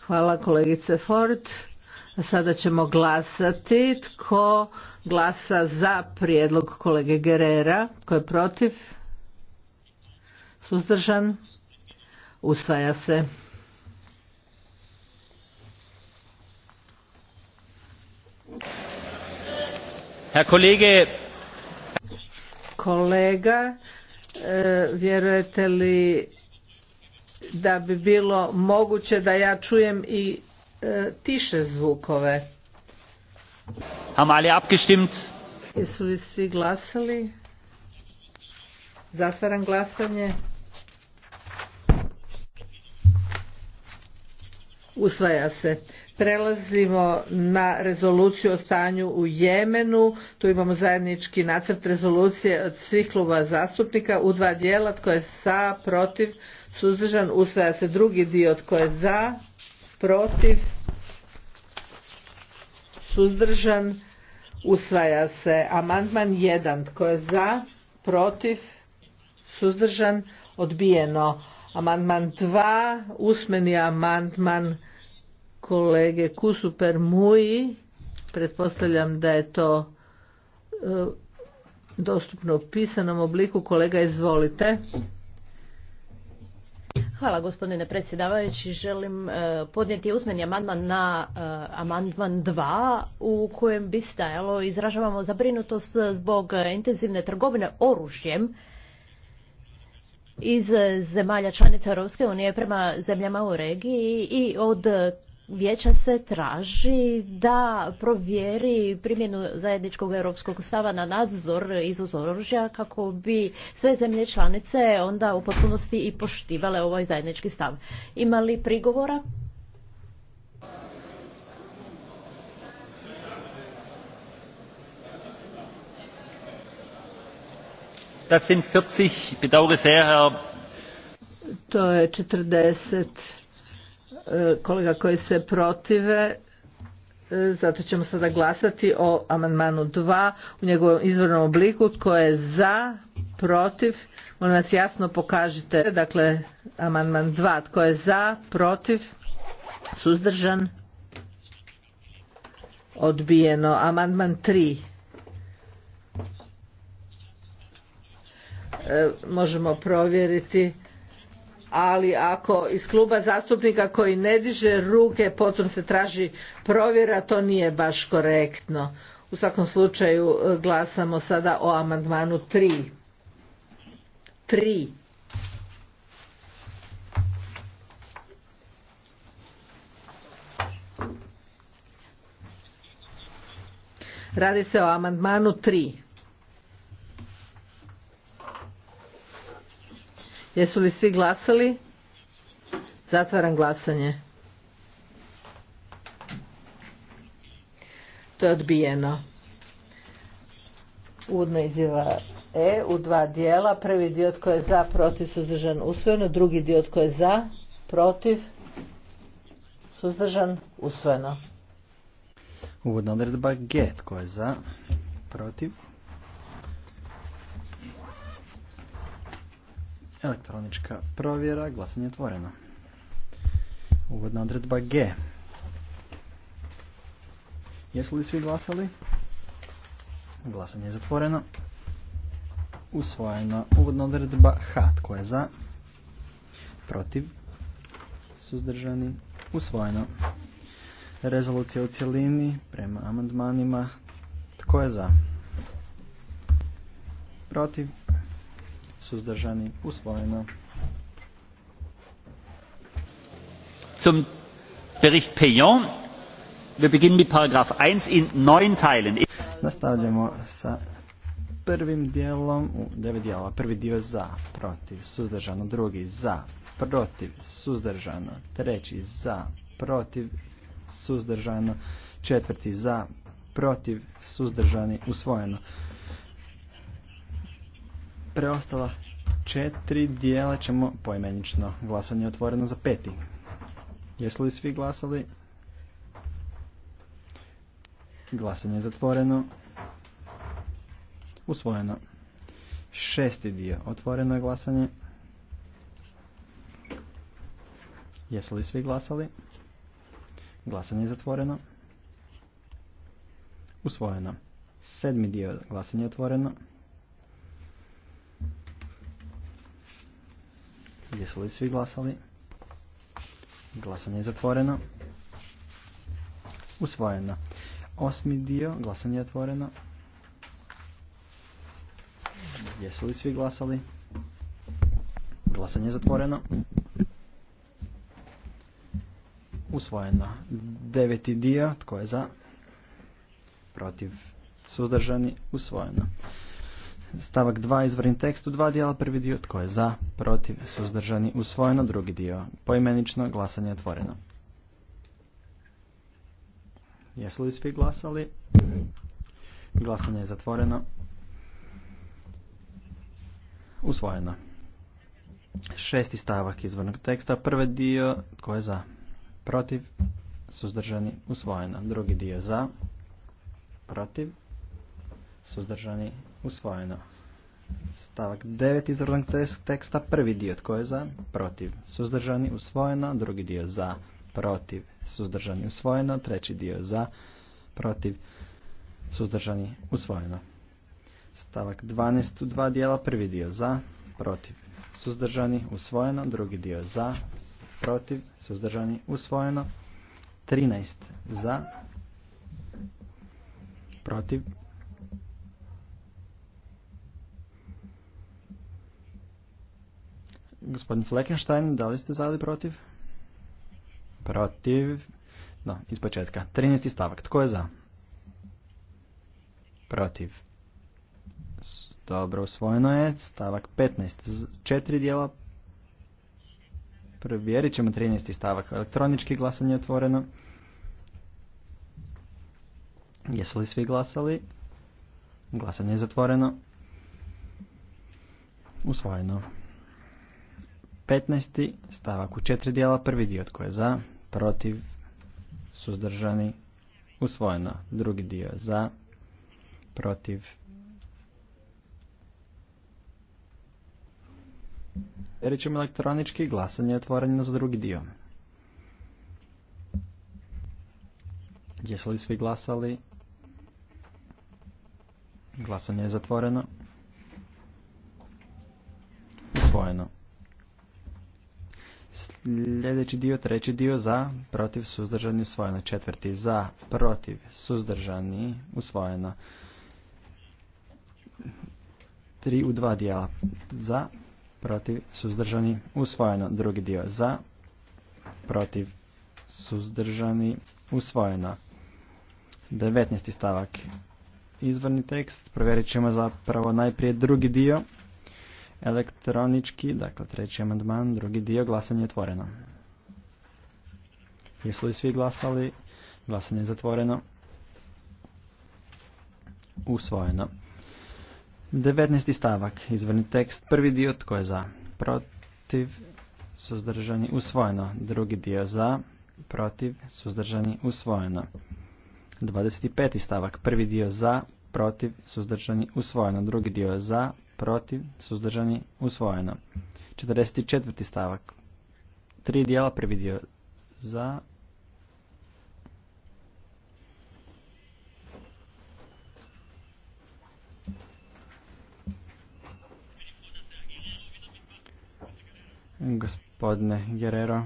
Hvala kolegice Ford. Sada ćemo glasati. Tko glasa za prijedlog kolege Gerera? Tko je protiv? Suzdržan? Usvaja se. Herr Kollege... Kolega, e, vjerujete li da bi bilo moguće da ja čujem i e, tiše zvukove? abgestimmt? Jesu li svi glasali? Zatvaram glasanje. usvaja se. Prelazimo na rezoluciju o stanju u Jemenu. Tu imamo zajednički nacrt rezolucije od svih klubova zastupnika u dva dijela. Tko je za, protiv, suzdržan, usvaja se drugi dio. Tko je za, protiv, suzdržan, usvaja se. Amandman 1. Tko je za, protiv, suzdržan, odbijeno. Amandman 2, usmeni amandman kolege Kusuper Muji, pretpostavljam da je to e, dostupno u pisanom obliku. Kolega, izvolite. Hvala gospodine predsjedavajući. Želim e, podnijeti usmeni amandman na e, amandman 2 u kojem bi stajalo izražavamo zabrinutost zbog intenzivne trgovine oružjem iz eh, zemalja članica Europske unije prema zemljama u regiji i od vijeća se traži da provjeri primjenu zajedničkog europskog stava na nadzor iz oružja kako bi sve zemlje članice onda u potpunosti i poštivale ovaj zajednički stav. Ima li prigovora? To je 40 e, kolega koji se protive. E, zato ćemo sada glasati o amandmanu 2 u njegovom izvornom obliku. Tko je za, protiv, molim vas jasno pokažite. Dakle, amandman 2. Tko je za, protiv, suzdržan, odbijeno. Amandman 3. E, možemo provjeriti ali ako iz kluba zastupnika koji ne diže ruke potom se traži provjera to nije baš korektno u svakom slučaju e, glasamo sada o amandmanu 3 3 Radi se o amandmanu tri. Jesu li svi glasali? Zatvaram glasanje. To je odbijeno. Uvodna izjava E u dva dijela. Prvi dio tko je za, protiv, suzdržan, usvojeno. Drugi dio tko je za, protiv, suzdržan, usvojeno. Uvodna odredba G tko je za, protiv, Elektronička provjera, glasanje je otvoreno. Uvodna odredba G. Jesu li svi glasali? Glasanje je zatvoreno. Usvojena uvodna odredba H. Tko je za? Protiv? Suzdržani? Usvojeno. Rezolucija u cjelini prema amandmanima. Tko je za? Protiv? suzdržani, usvojeno. Zum Bericht Peyon. Wir beginnen mit Paragraph 1 in neun Teilen. Nastavljamo sa prvim dijelom u devet dijela, Prvi dio za, protiv, suzdržano, drugi za, protiv, suzdržano, treći za, protiv, suzdržano, četvrti za, protiv, suzdržani, usvojeno. Preostala četiri dijela ćemo poimenično. Glasanje je otvoreno za peti. Jesu li svi glasali? Glasanje je zatvoreno. Usvojeno. Šesti dio. Otvoreno je glasanje. Jesu li svi glasali? Glasanje je zatvoreno. Usvojeno. Sedmi dio. Glasanje je otvoreno. Jesu li svi glasali? Glasanje je zatvoreno. Usvojeno. Osmi dio, glasanje je otvoreno. Jesu li svi glasali? Glasanje je zatvoreno. Usvojeno. Deveti dio, tko je za? Protiv. Suzdržani. Usvojeno. Stavak 2, Izvorim tekst u dva dijela, prvi dio, tko je za? protiv, suzdržani, usvojeno. Drugi dio poimenično, glasanje je otvoreno. Jesu li svi glasali? Glasanje je zatvoreno. Usvojeno. Šesti stavak izvornog teksta. Prvi dio, tko je za? Protiv, suzdržani, usvojeno. Drugi dio za, protiv, suzdržani, usvojeno. Stavak 9 izvornog teksta, prvi dio tko je za, protiv, suzdržani, usvojeno, drugi dio za, protiv, suzdržani, usvojeno, treći dio za, protiv, suzdržani, usvojeno. Stavak 12 u dva dijela, prvi dio za, protiv, suzdržani, usvojeno, drugi dio za, protiv, suzdržani, usvojeno, 13 za, protiv, Gospodin Fleckenstein, da li ste za ili protiv? Protiv. No, iz početka. 13. stavak. Tko je za? Protiv. Dobro, usvojeno je. Stavak 15. Četiri dijela. Provjerit ćemo 13. stavak. Elektronički glasanje je otvoreno. Jesu li svi glasali? Glasanje je zatvoreno. Usvojeno. 15. stavak u četiri dijela, prvi dio tko je za, protiv, suzdržani, usvojeno. Drugi dio je za, protiv, Rećemo elektronički glasanje je otvoreno za drugi dio. Jesu li svi glasali? Glasanje je zatvoreno. Usvojeno. Sljedeći dio, treći dio za, protiv, suzdržani, usvojeno. Četvrti za, protiv, suzdržani, usvojeno. Tri u dva dijela za, protiv, suzdržani, usvojeno. Drugi dio za, protiv, suzdržani, usvojeno. 19. stavak. Izvorni tekst provjerit ćemo zapravo najprije drugi dio elektronički, dakle treći amandman, drugi dio, glasanje je otvoreno. Jesu li svi glasali? Glasanje je zatvoreno. Usvojeno. 19. stavak, izvrni tekst, prvi dio, tko je za? Protiv, suzdržani, usvojeno. Drugi dio za, protiv, suzdržani, usvojeno. 25. stavak, prvi dio za, protiv, suzdržani, usvojeno. Drugi dio za, protiv, suzdržani, usvojeno. 44. stavak. Tri dijela prvi dio za, gospodine Guerrero.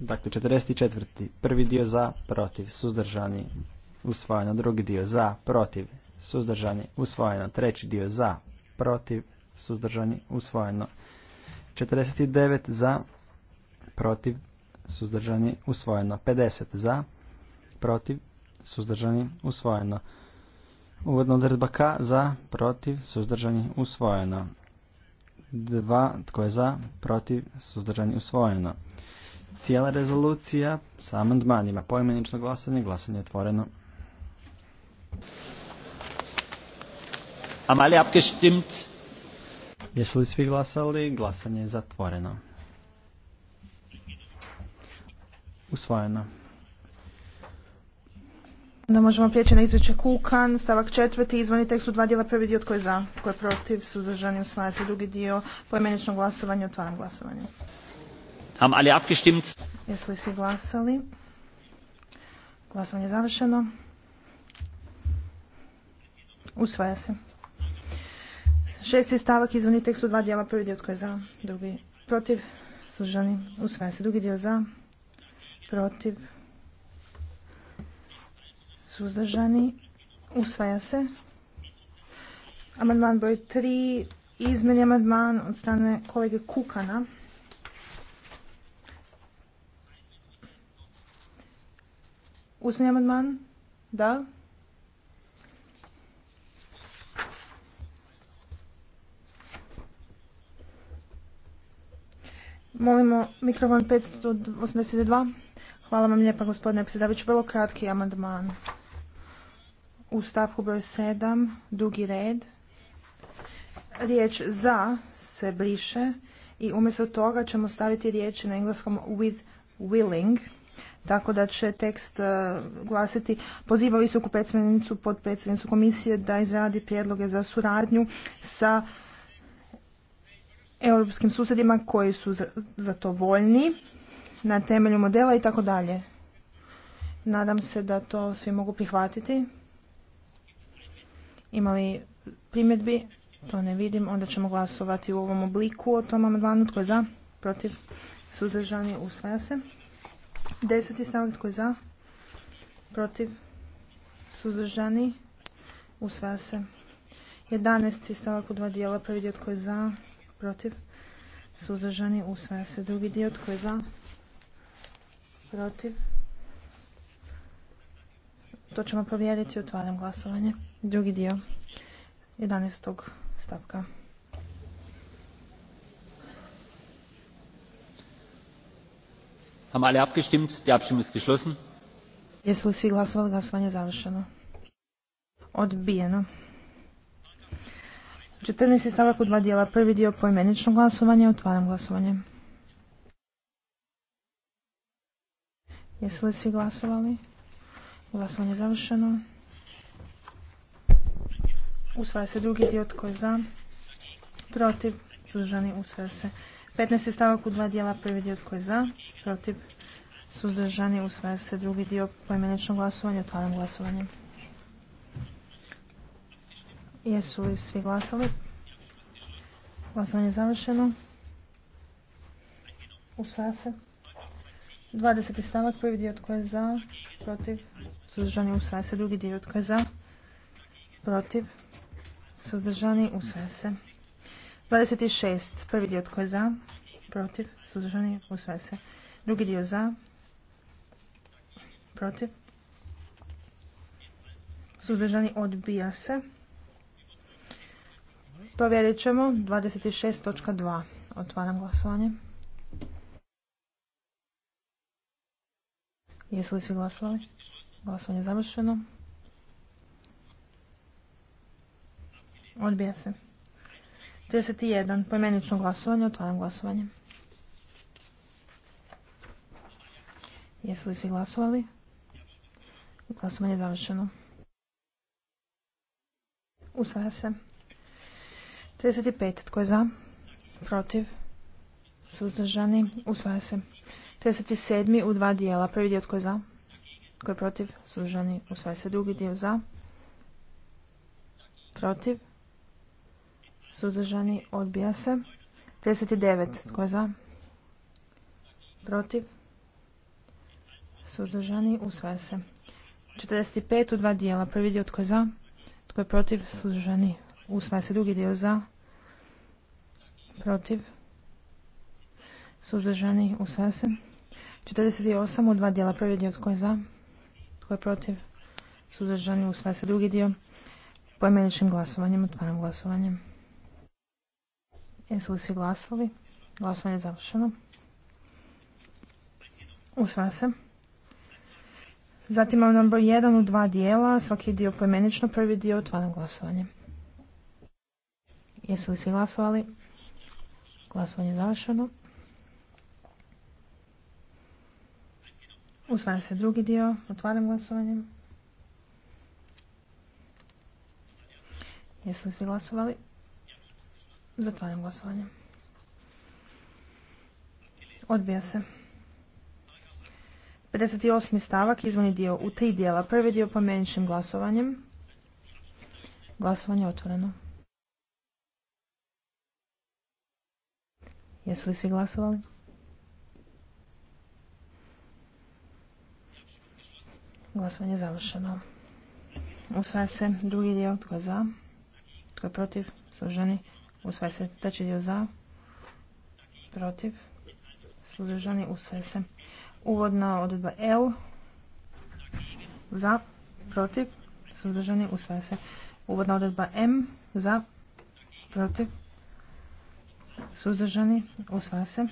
Dakle, 44. Prvi dio za, protiv, suzdržani, usvojeno. Drugi dio za, protiv, suzdržani, usvojeno. Treći dio za, protiv, suzdržani, usvojeno. 49 za, protiv, suzdržani, usvojeno. 50 za, protiv, suzdržani, usvojeno. Uvodna odredba K za, protiv, suzdržani, usvojeno. 2, tko je za, protiv, suzdržani, usvojeno. Cijela rezolucija sa amandmanima. Poimenično glasanje, glasanje je otvoreno. Haben Jesu li svi glasali? Glasanje je zatvoreno. Usvojeno. Da možemo prijeći na izveće Kukan, stavak četvrti, izvani tekst u dva dijela, prvi dio tko je za, tko je protiv, suzdržani usvaja se, drugi dio, pojmenično glasovanje, otvaram glasovanje. Ham ali abgestimmt? Jesu li svi glasali? Glasovanje je završeno. Usvaja se. Šesti stavak izvorni tekst u dva dijela. Prvi dio tko je za, drugi protiv, suzdržani, usvaja se. Drugi dio za, protiv, suzdržani, usvaja se. Amandman broj 3, izmeni amandman od strane kolege Kukana. Usmeni amandman? Da. Molimo mikrofon 582. Hvala vam lijepa gospodine predsjedavajući. Vrlo kratki amandman. U stavku broj 7, dugi red, riječ za se briše i umjesto toga ćemo staviti riječ na engleskom with willing. Tako da će tekst e, glasiti poziva visoku predsjednicu pod predsjednicu komisije da izradi prijedloge za suradnju sa europskim susjedima koji su za to voljni na temelju modela i tako dalje. Nadam se da to svi mogu prihvatiti. Imali primjedbi? To ne vidim. Onda ćemo glasovati u ovom obliku o tom amandmanu. Tko je za? Protiv? Suzdržani? Usvaja se. Deset stavak. Tko je za? Protiv? Suzdržani? Usvaja se. Jedanesti stavak u dva dijela. Prvi dio tko je za? protiv, suzdržani, usvaja se. Drugi dio, tko je za, protiv, to ćemo provjeriti, otvaram glasovanje. Drugi dio, 11. stavka. Haben alle abgestimmt? Die Abstimmung ist geschlossen. Jesu li svi glasovali? Glasovanje završeno. Odbijeno. 14. stavak u dva dijela. Prvi dio poimenično glasovanje. Otvaram glasovanje. Jesu li svi glasovali? Glasovanje je završeno. Usvaja se drugi dio tko je za. Protiv. Suzdržani. Usvaja se. 15. stavak u dva dijela. Prvi dio tko je za. Protiv. Suzdržani. Usvaja se drugi dio poimenično glasovanje. Otvaram glasovanje. Jesu li svi glasali? Glasovanje je završeno. u se. 20. stavak, prvi dio tko je za, protiv, suzdržani u se. Drugi dio tko je za, protiv, suzdržani usvaja se. 26. Prvi dio tko je za, protiv, suzdržani u se. Drugi dio za, protiv, suzdržani odbija se. Provjerit ćemo 26.2. Otvaram glasovanje. Jesu li svi glasovali? Glasovanje je završeno. Odbija se. 31. Pojmenično glasovanje. Otvaram glasovanje. Jesu li svi glasovali? Glasovanje je završeno. Usvaja se. 35. Tko je za? Protiv? Suzdržani? Usvaja se. 37. U dva dijela. Prvi dio tko je za? Tko je protiv? Suzdržani? Usvaja se. Drugi dio za? Protiv? Suzdržani? Odbija se. 39. Tko je za? Protiv? Suzdržani? Usvaja se. 45. U dva dijela. Prvi dio tko je za? Tko je protiv? Suzdržani? sve se drugi dio za. Protiv. Suzdržani. u se. 48 u dva dijela. Prvi dio tko je za. Tko je protiv. Suzdržani. u se drugi dio. Pojmeničnim glasovanjem. Otvaram glasovanjem. Jesu li svi glasali? Glasovanje je završeno. u se. Zatim imamo broj 1 u dva dijela, svaki dio poimenično, prvi dio otvaram glasovanjem. Jesu li svi glasovali? Glasovanje je završeno. Usvaja se drugi dio. Otvaram glasovanje. Jesu li svi glasovali? Zatvaram glasovanje. Odbija se. 58. stavak, izvani dio u tri dijela. Prvi dio pomeničnim glasovanjem. Glasovanje je otvoreno. Jesu li svi glasovali? Glasovanje je završeno. Usvaja se drugi dio tko je za, tko je protiv, služeni. Usvaja se treći dio za, protiv, Služeni. usvaja se. Uvodna odredba L, za, protiv, suzdržani, usvaja se. Uvodna odredba M, za, protiv, suzdržani, usvaja se.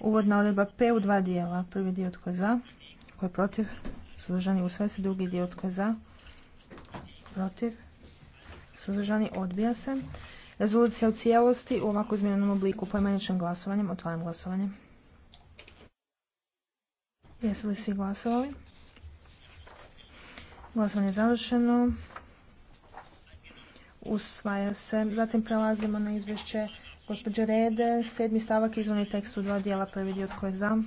Uvodna odredba P u dva dijela. Prvi dio tko je za, tko je protiv, suzdržani, usvaja se. Drugi dio tko je za, protiv, suzdržani, odbija se. Rezolucija u cijelosti u ovako izmjenjenom obliku poimeničnim glasovanjem. Otvaram glasovanje. Jesu li svi glasovali? Glasovanje je završeno. Usvaja se. Zatim prelazimo na izvješće Gospođo Rede, sedmi stavak, izvani tekst u dva dijela, prvi dio tko je za,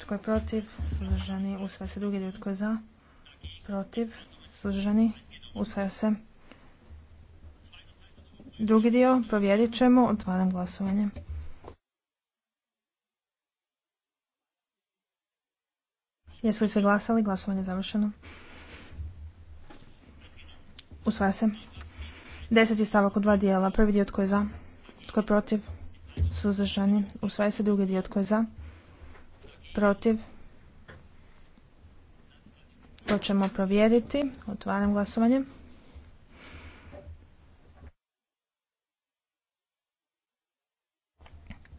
tko je protiv, suzdržani, usvaja se drugi dio tko je za, protiv, suzdržani, usvaja se. Drugi dio provjerit ćemo, otvaram glasovanje. Jesu li sve glasali? Glasovanje je završeno. Usvaja se. Deseti stavak u dva dijela. Prvi dio tko je za, tko je protiv, suzdržani. Usvaja se drugi dio tko je za, protiv. To ćemo provjeriti. Otvaram glasovanje.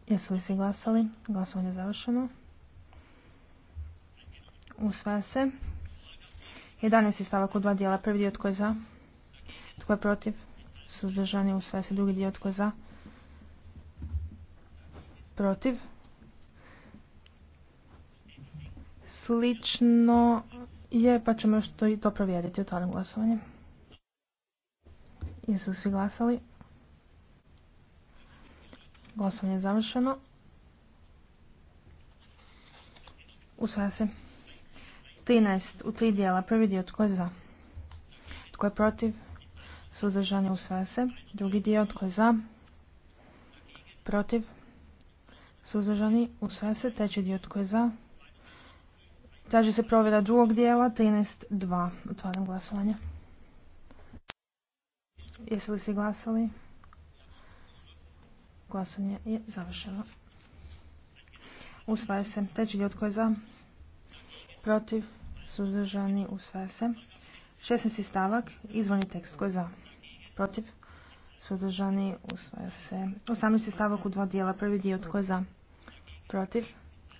Jesu li svi glasali? Glasovanje je završeno. Usvaja se. 11. stavak u dva dijela. Prvi dio tko je za? Tko je protiv? suzdržani, usvaja se drugi dio tko za, protiv. Slično je, pa ćemo još to i to provjeriti, otvaram glasovanje. Jesu svi glasali? Glasovanje je završeno. Usvaja se. 13 u tri dijela. Prvi dio tko je za? Tko je protiv? suzdržani u se. Drugi dio tko je za, protiv, suzdržani usvaja se. Treći dio tko je za. Traži se provjera drugog dijela 13.2. Otvaram glasovanje. Jesu li svi glasali? Glasanje je završeno. Usvaja se. Treći dio tko je za? Protiv? Suzdržani? Usvaja se. 16. stavak, izvoljni tekst, tko je za? Protiv? Suzdržani usvaja se. 18. stavak u dva dijela, prvi dio, tko je za? Protiv?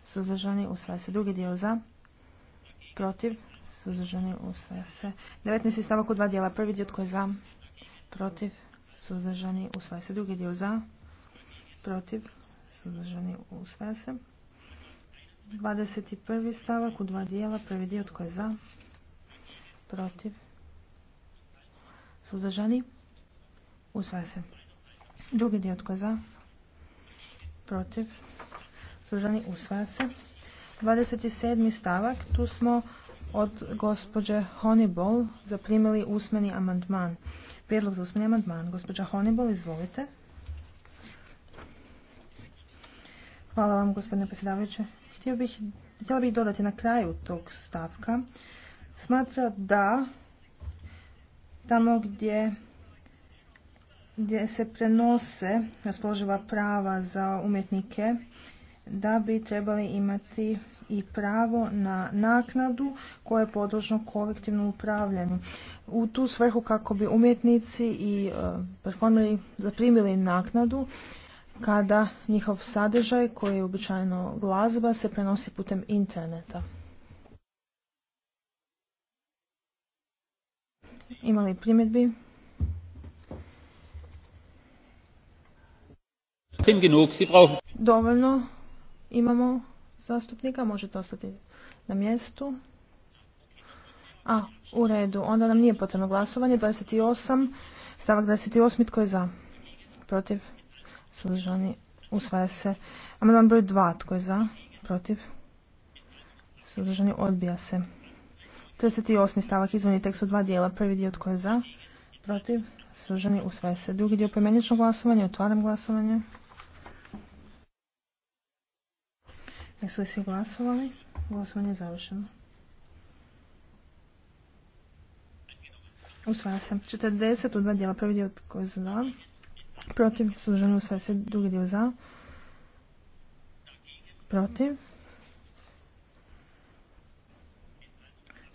Suzdržani usvaja se. Drugi dio za? Protiv? Suzdržani usvaja se. 19. stavak u dva dijela, prvi dio, tko je za? Protiv? Suzdržani usvaja se. Drugi dio za? Protiv? Suzdržani usvaja se. 21. stavak u dva dijela, prvi dio, tko je za? protiv, suzdržani, usvaja se. Drugi dio tko je za, protiv, suzdržani, usvaja se. 27. stavak, tu smo od gospođe Honibol zaprimili usmeni amandman. Prijedlog za usmeni amandman. Gospođa Honibol, izvolite. Hvala vam, gospodine predsjedavajuće. Htio bih, htjela bih dodati na kraju tog stavka smatra da tamo gdje gdje se prenose raspoloživa prava za umjetnike da bi trebali imati i pravo na naknadu koje je podložno kolektivnom upravljanju. U tu svrhu kako bi umjetnici i e, performeri zaprimili naknadu kada njihov sadržaj koji je običajno glazba se prenosi putem interneta. Imali primjedbi? Dovoljno imamo zastupnika, možete ostati na mjestu. A, u redu, onda nam nije potrebno glasovanje. 28, stavak 28, tko je za? Protiv? Suzdržani? Usvaja se. Amandman broj 2, tko je za? Protiv? Suzdržani? Odbija se. 38. stavak izvani tekst u dva dijela. Prvi dio tko je za, protiv, suženi, usvaja se. Drugi dio pojmenično glasovanje, otvaram glasovanje. Jesu li svi glasovali? Glasovanje je završeno. Usvaja se. 40 u dva dijela. Prvi dio tko je za, protiv, suženi, usvaja se. Drugi dio za, protiv,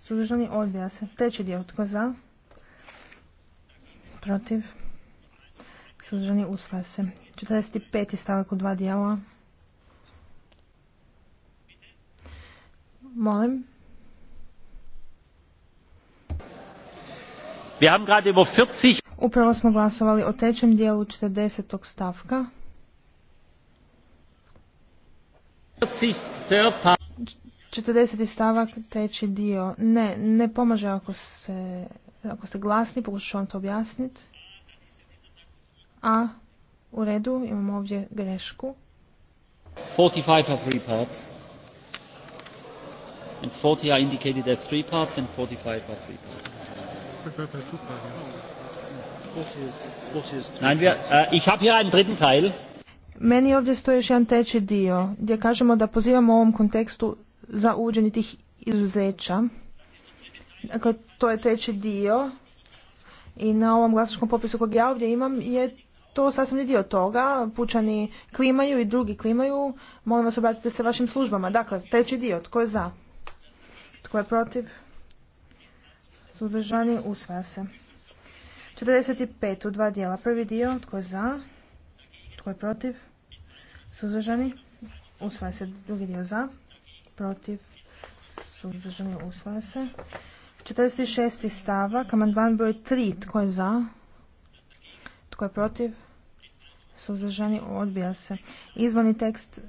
suzdržani, odbija se. Treći dio tko je za, protiv, suzdržani, usvaja se. 45. stavak u dva dijela. Molim. Wir haben gerade über 40 Upravo smo glasovali o trećem dijelu 40. stavka. 40. 40. stavak, treći dio. Ne, ne pomaže ako se, ako ste glasni, pokušat vam to objasniti. A, u redu, imamo ovdje grešku. 45 are three parts. And 40 are indicated as three parts and 45 are three parts. Nein, wir, äh, ich habe hier einen dritten Teil. Meni ovdje stoji još jedan teči dio gdje kažemo da pozivamo u ovom kontekstu za uvođenje tih izuzeća. Dakle, to je treći dio i na ovom glasačkom popisu kojeg ja ovdje imam je to sasvim dio toga. Pučani klimaju i drugi klimaju. Molim vas obratite se vašim službama. Dakle, treći dio. Tko je za? Tko je protiv? Suzdržani usvaja se. 45 u dva dijela. Prvi dio. Tko je za? Tko je protiv? Suzdržani usvaja se. Drugi dio za protiv, suzdržani, usvaja se. 46. stavak, amandman broj 3, tko je za, tko je protiv, suzdržani, odbija se. Izvorni tekst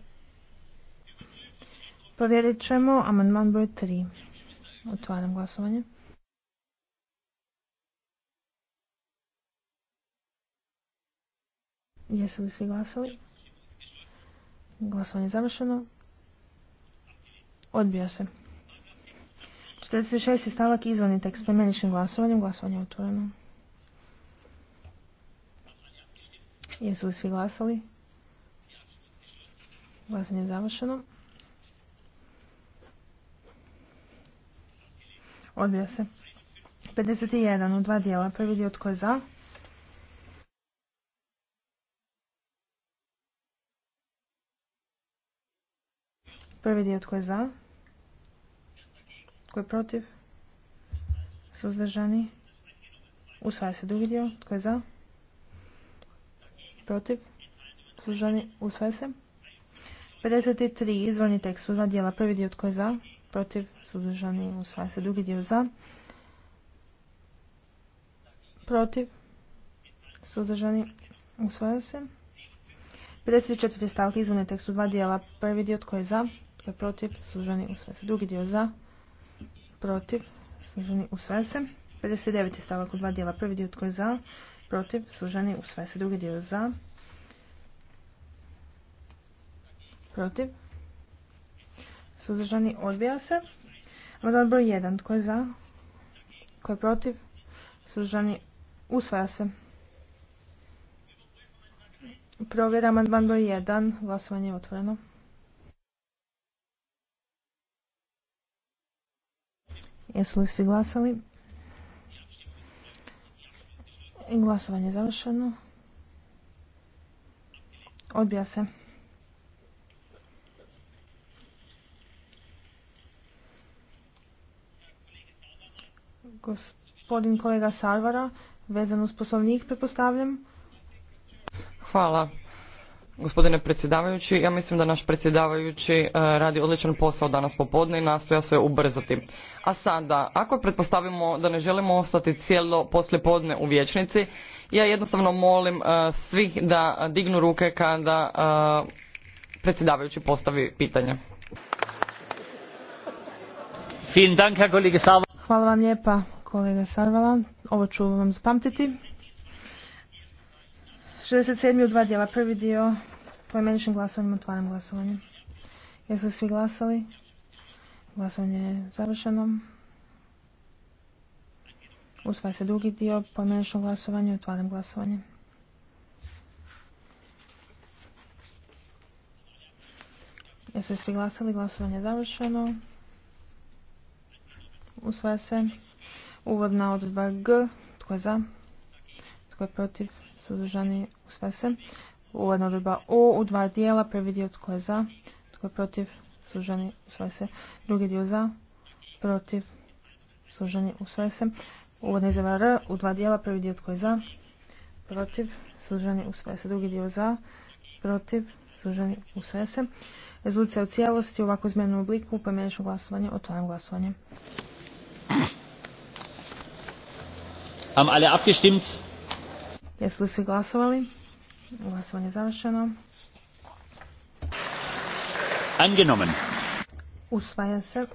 provjerit ćemo, amandman broj 3. Otvaram glasovanje. Jesu li svi glasali? Glasovanje je završeno. Odbija se. 46. stavak izvani tekst promjeničnim glasovanjem. Glasovanje je otvoreno. Jesu li svi glasali? Glasanje je završeno. Odbija se. 51 u dva dijela. Prvi dio tko je za? Prvi dio tko je za? Tko je protiv? Suzdržani? Usvaja se drugi dio. Tko je za? Protiv? Suzdržani? Usvaja se. 53. Izvorni tekst su dva dijela. Prvi dio tko je za? Protiv? Suzdržani? Usvaja se drugi dio za? Protiv? Suzdržani? Usvaja se. 54. stavke izvorni tekst su dva dijela. Prvi dio tko je za? Tko je protiv? Suzdržani? Usvaja se drugi dio za? protiv, suženi, usvaja se. 59. stavak u dva dijela, prvi dio tko je za, protiv, suženi, usvaja se. Drugi dio za, protiv, suzdržani, odbija se. Amandman broj 1, tko je za, tko je protiv, suzdržani, usvaja se. Provjera amandman broj 1, glasovanje je otvoreno. Jesu li svi glasali? Glasovanje je završeno. Odbija se. Gospodin kolega Sarvara, vezan uz poslovnik, prepostavljam. Hvala. Gospodine predsjedavajući, ja mislim da naš predsjedavajući e, radi odličan posao danas popodne i nastoja se ubrzati. A sada, ako pretpostavimo da ne želimo ostati cijelo poslijepodne u vijećnici, ja jednostavno molim e, svih da dignu ruke kada e, predsjedavajući postavi pitanje. Hvala vam lijepa, kolega Sarvala. Ovo ću vam zapamtiti. 67. u dva dijela. Prvi dio pojmeničnim glasovanjem otvaram glasovanje. Jesu svi glasali? Glasovanje je završeno. Usvaja se drugi dio pojmenično glasovanje otvaram glasovanje. Jesu svi glasali? Glasovanje je završeno. Usvaja se uvodna odredba G. Tko je za? Tko je protiv? suzdržani, usvaja se. Uvodna odredba O u dva dijela, prvi dio tko je za, tko je protiv, suzdržani, usvaja se. Drugi dio za, protiv, suzdržani, u se. Uvodna izjava R u dva dijela, prvi dio tko je za, protiv, suzdržani, usvaja se. Drugi dio za, protiv, suzdržani, usvaja se. Rezolucija u cijelosti u ovako zmjernu obliku, u glasovanje, otvaram glasovanje. Haben alle abgestimmt? Jesu li svi glasovali? Glasovanje je završeno. Angenomen. Usvaja se.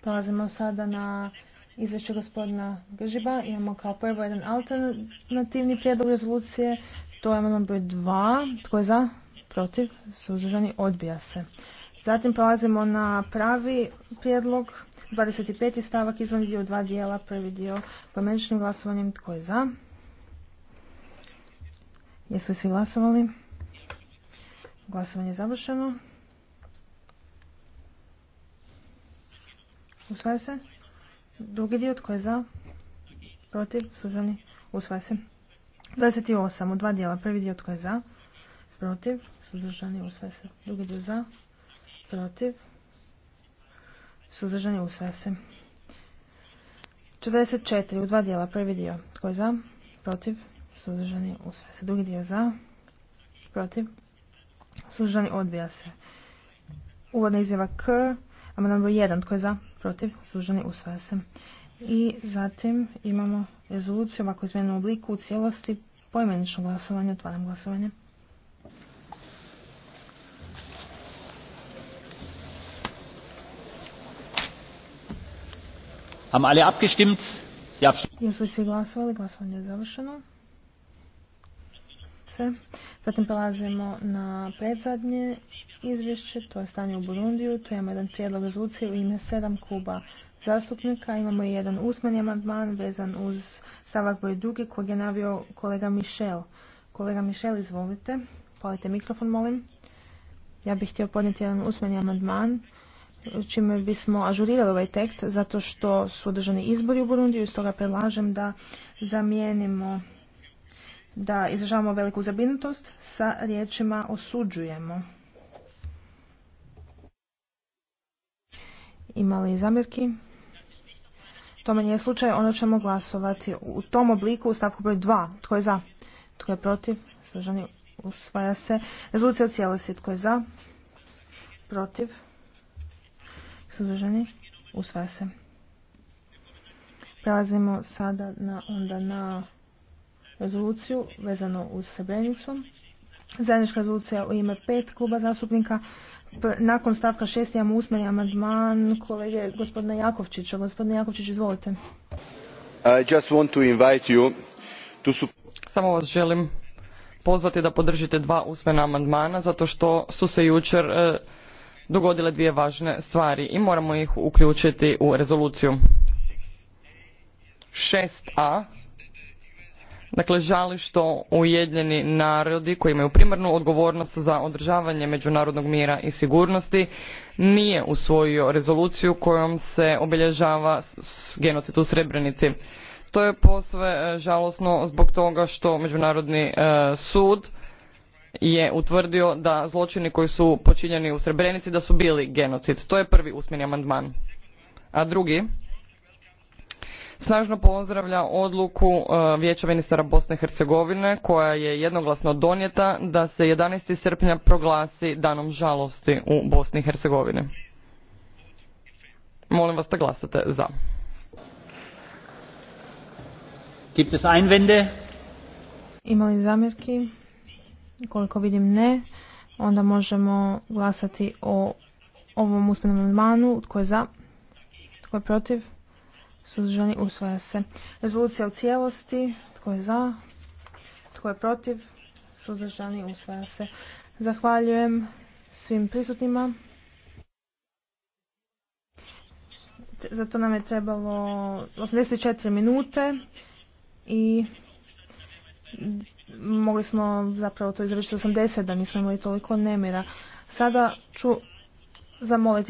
Prelazimo sada na izvješće gospodina Gržiba. Imamo kao prvo jedan alternativni prijedlog rezolucije. To je amandman broj 2. Tko je za? Protiv? Suzdržani? Odbija se. Zatim prelazimo na pravi prijedlog. 25. stavak izvan dio dva dijela. Prvi dio pomeničnim glasovanjem. Tko je za? Jesu li svi glasovali? Glasovanje je završeno. Usvaja se. Drugi dio tko je za? Protiv? suzdržani? Usvaja se. 28 u dva dijela. Prvi dio tko je za? Protiv? Suzdržani? Usvaja se. Drugi dio za? Protiv? Suzdržani? Usvaja se. 44 u dva dijela. Prvi dio tko je za? Protiv? suzdržani, usvaja se. Drugi dio za, protiv, suzdržani, odbija se. Uvodna izjava K, amandman broj 1, tko je za, protiv, suzdržani, usvaja se. I zatim imamo rezoluciju ovako u obliku u cijelosti poimenično glasovanje, otvaram glasovanje. Haben alle abgestimmt? Ja. svi glasovali, glasovanje je završeno se. Zatim prelazimo na predzadnje izvješće, to je stanje u Burundiju. Tu imamo jedan prijedlog rezolucije u ime sedam kluba zastupnika. Imamo i jedan usmeni amandman vezan uz stavak broj drugi kojeg je navio kolega Mišel. Kolega Mišel, izvolite. Palite mikrofon, molim. Ja bih htio podnijeti jedan usmeni amandman čime bismo ažurirali ovaj tekst zato što su održani izbori u Burundiju i stoga predlažem da zamijenimo da izražavamo veliku zabrinutost sa riječima osuđujemo. Imali li zamjerki? Tome nije slučaj, ono ćemo glasovati u tom obliku u stavku broj 2. Tko je za? Tko je protiv? Sražani, usvaja se. Rezolucija u cijelosti. Tko je za? Protiv? Suzdržani? Usvaja se. Prelazimo sada na, onda na rezoluciju vezano uz Srebrenicu. Zajednička rezolucija u ime pet kluba zastupnika. Nakon stavka šest imamo usmeni amandman kolege gospodina Jakovčića. Gospodine Jakovčić, izvolite. I to invite Samo vas želim pozvati da podržite dva usmena amandmana zato što su se jučer e, dogodile dvije važne stvari i moramo ih uključiti u rezoluciju. 6a Dakle, žali što ujedinjeni narodi koji imaju primarnu odgovornost za održavanje međunarodnog mira i sigurnosti nije usvojio rezoluciju kojom se obilježava genocid u Srebrenici. To je posve e, žalosno zbog toga što Međunarodni e, sud je utvrdio da zločini koji su počinjeni u Srebrenici da su bili genocid. To je prvi usmeni amandman. A drugi snažno pozdravlja odluku e, Vijeća ministara Bosne i Hercegovine koja je jednoglasno donijeta da se 11. srpnja proglasi danom žalosti u Bosni i Hercegovini. Molim vas da glasate za. Gibt es Ima li zamjerki? Koliko vidim ne, onda možemo glasati o ovom usmenom amandmanu. Tko je za? Tko je protiv? suzdržani, usvaja se. Rezolucija u cijelosti, tko je za, tko je protiv, suzdržani, usvaja se. Zahvaljujem svim prisutnima. Zato nam je trebalo 84 minute i mogli smo zapravo to izvršiti 80 da nismo imali toliko nemira. Sada ću zamoliti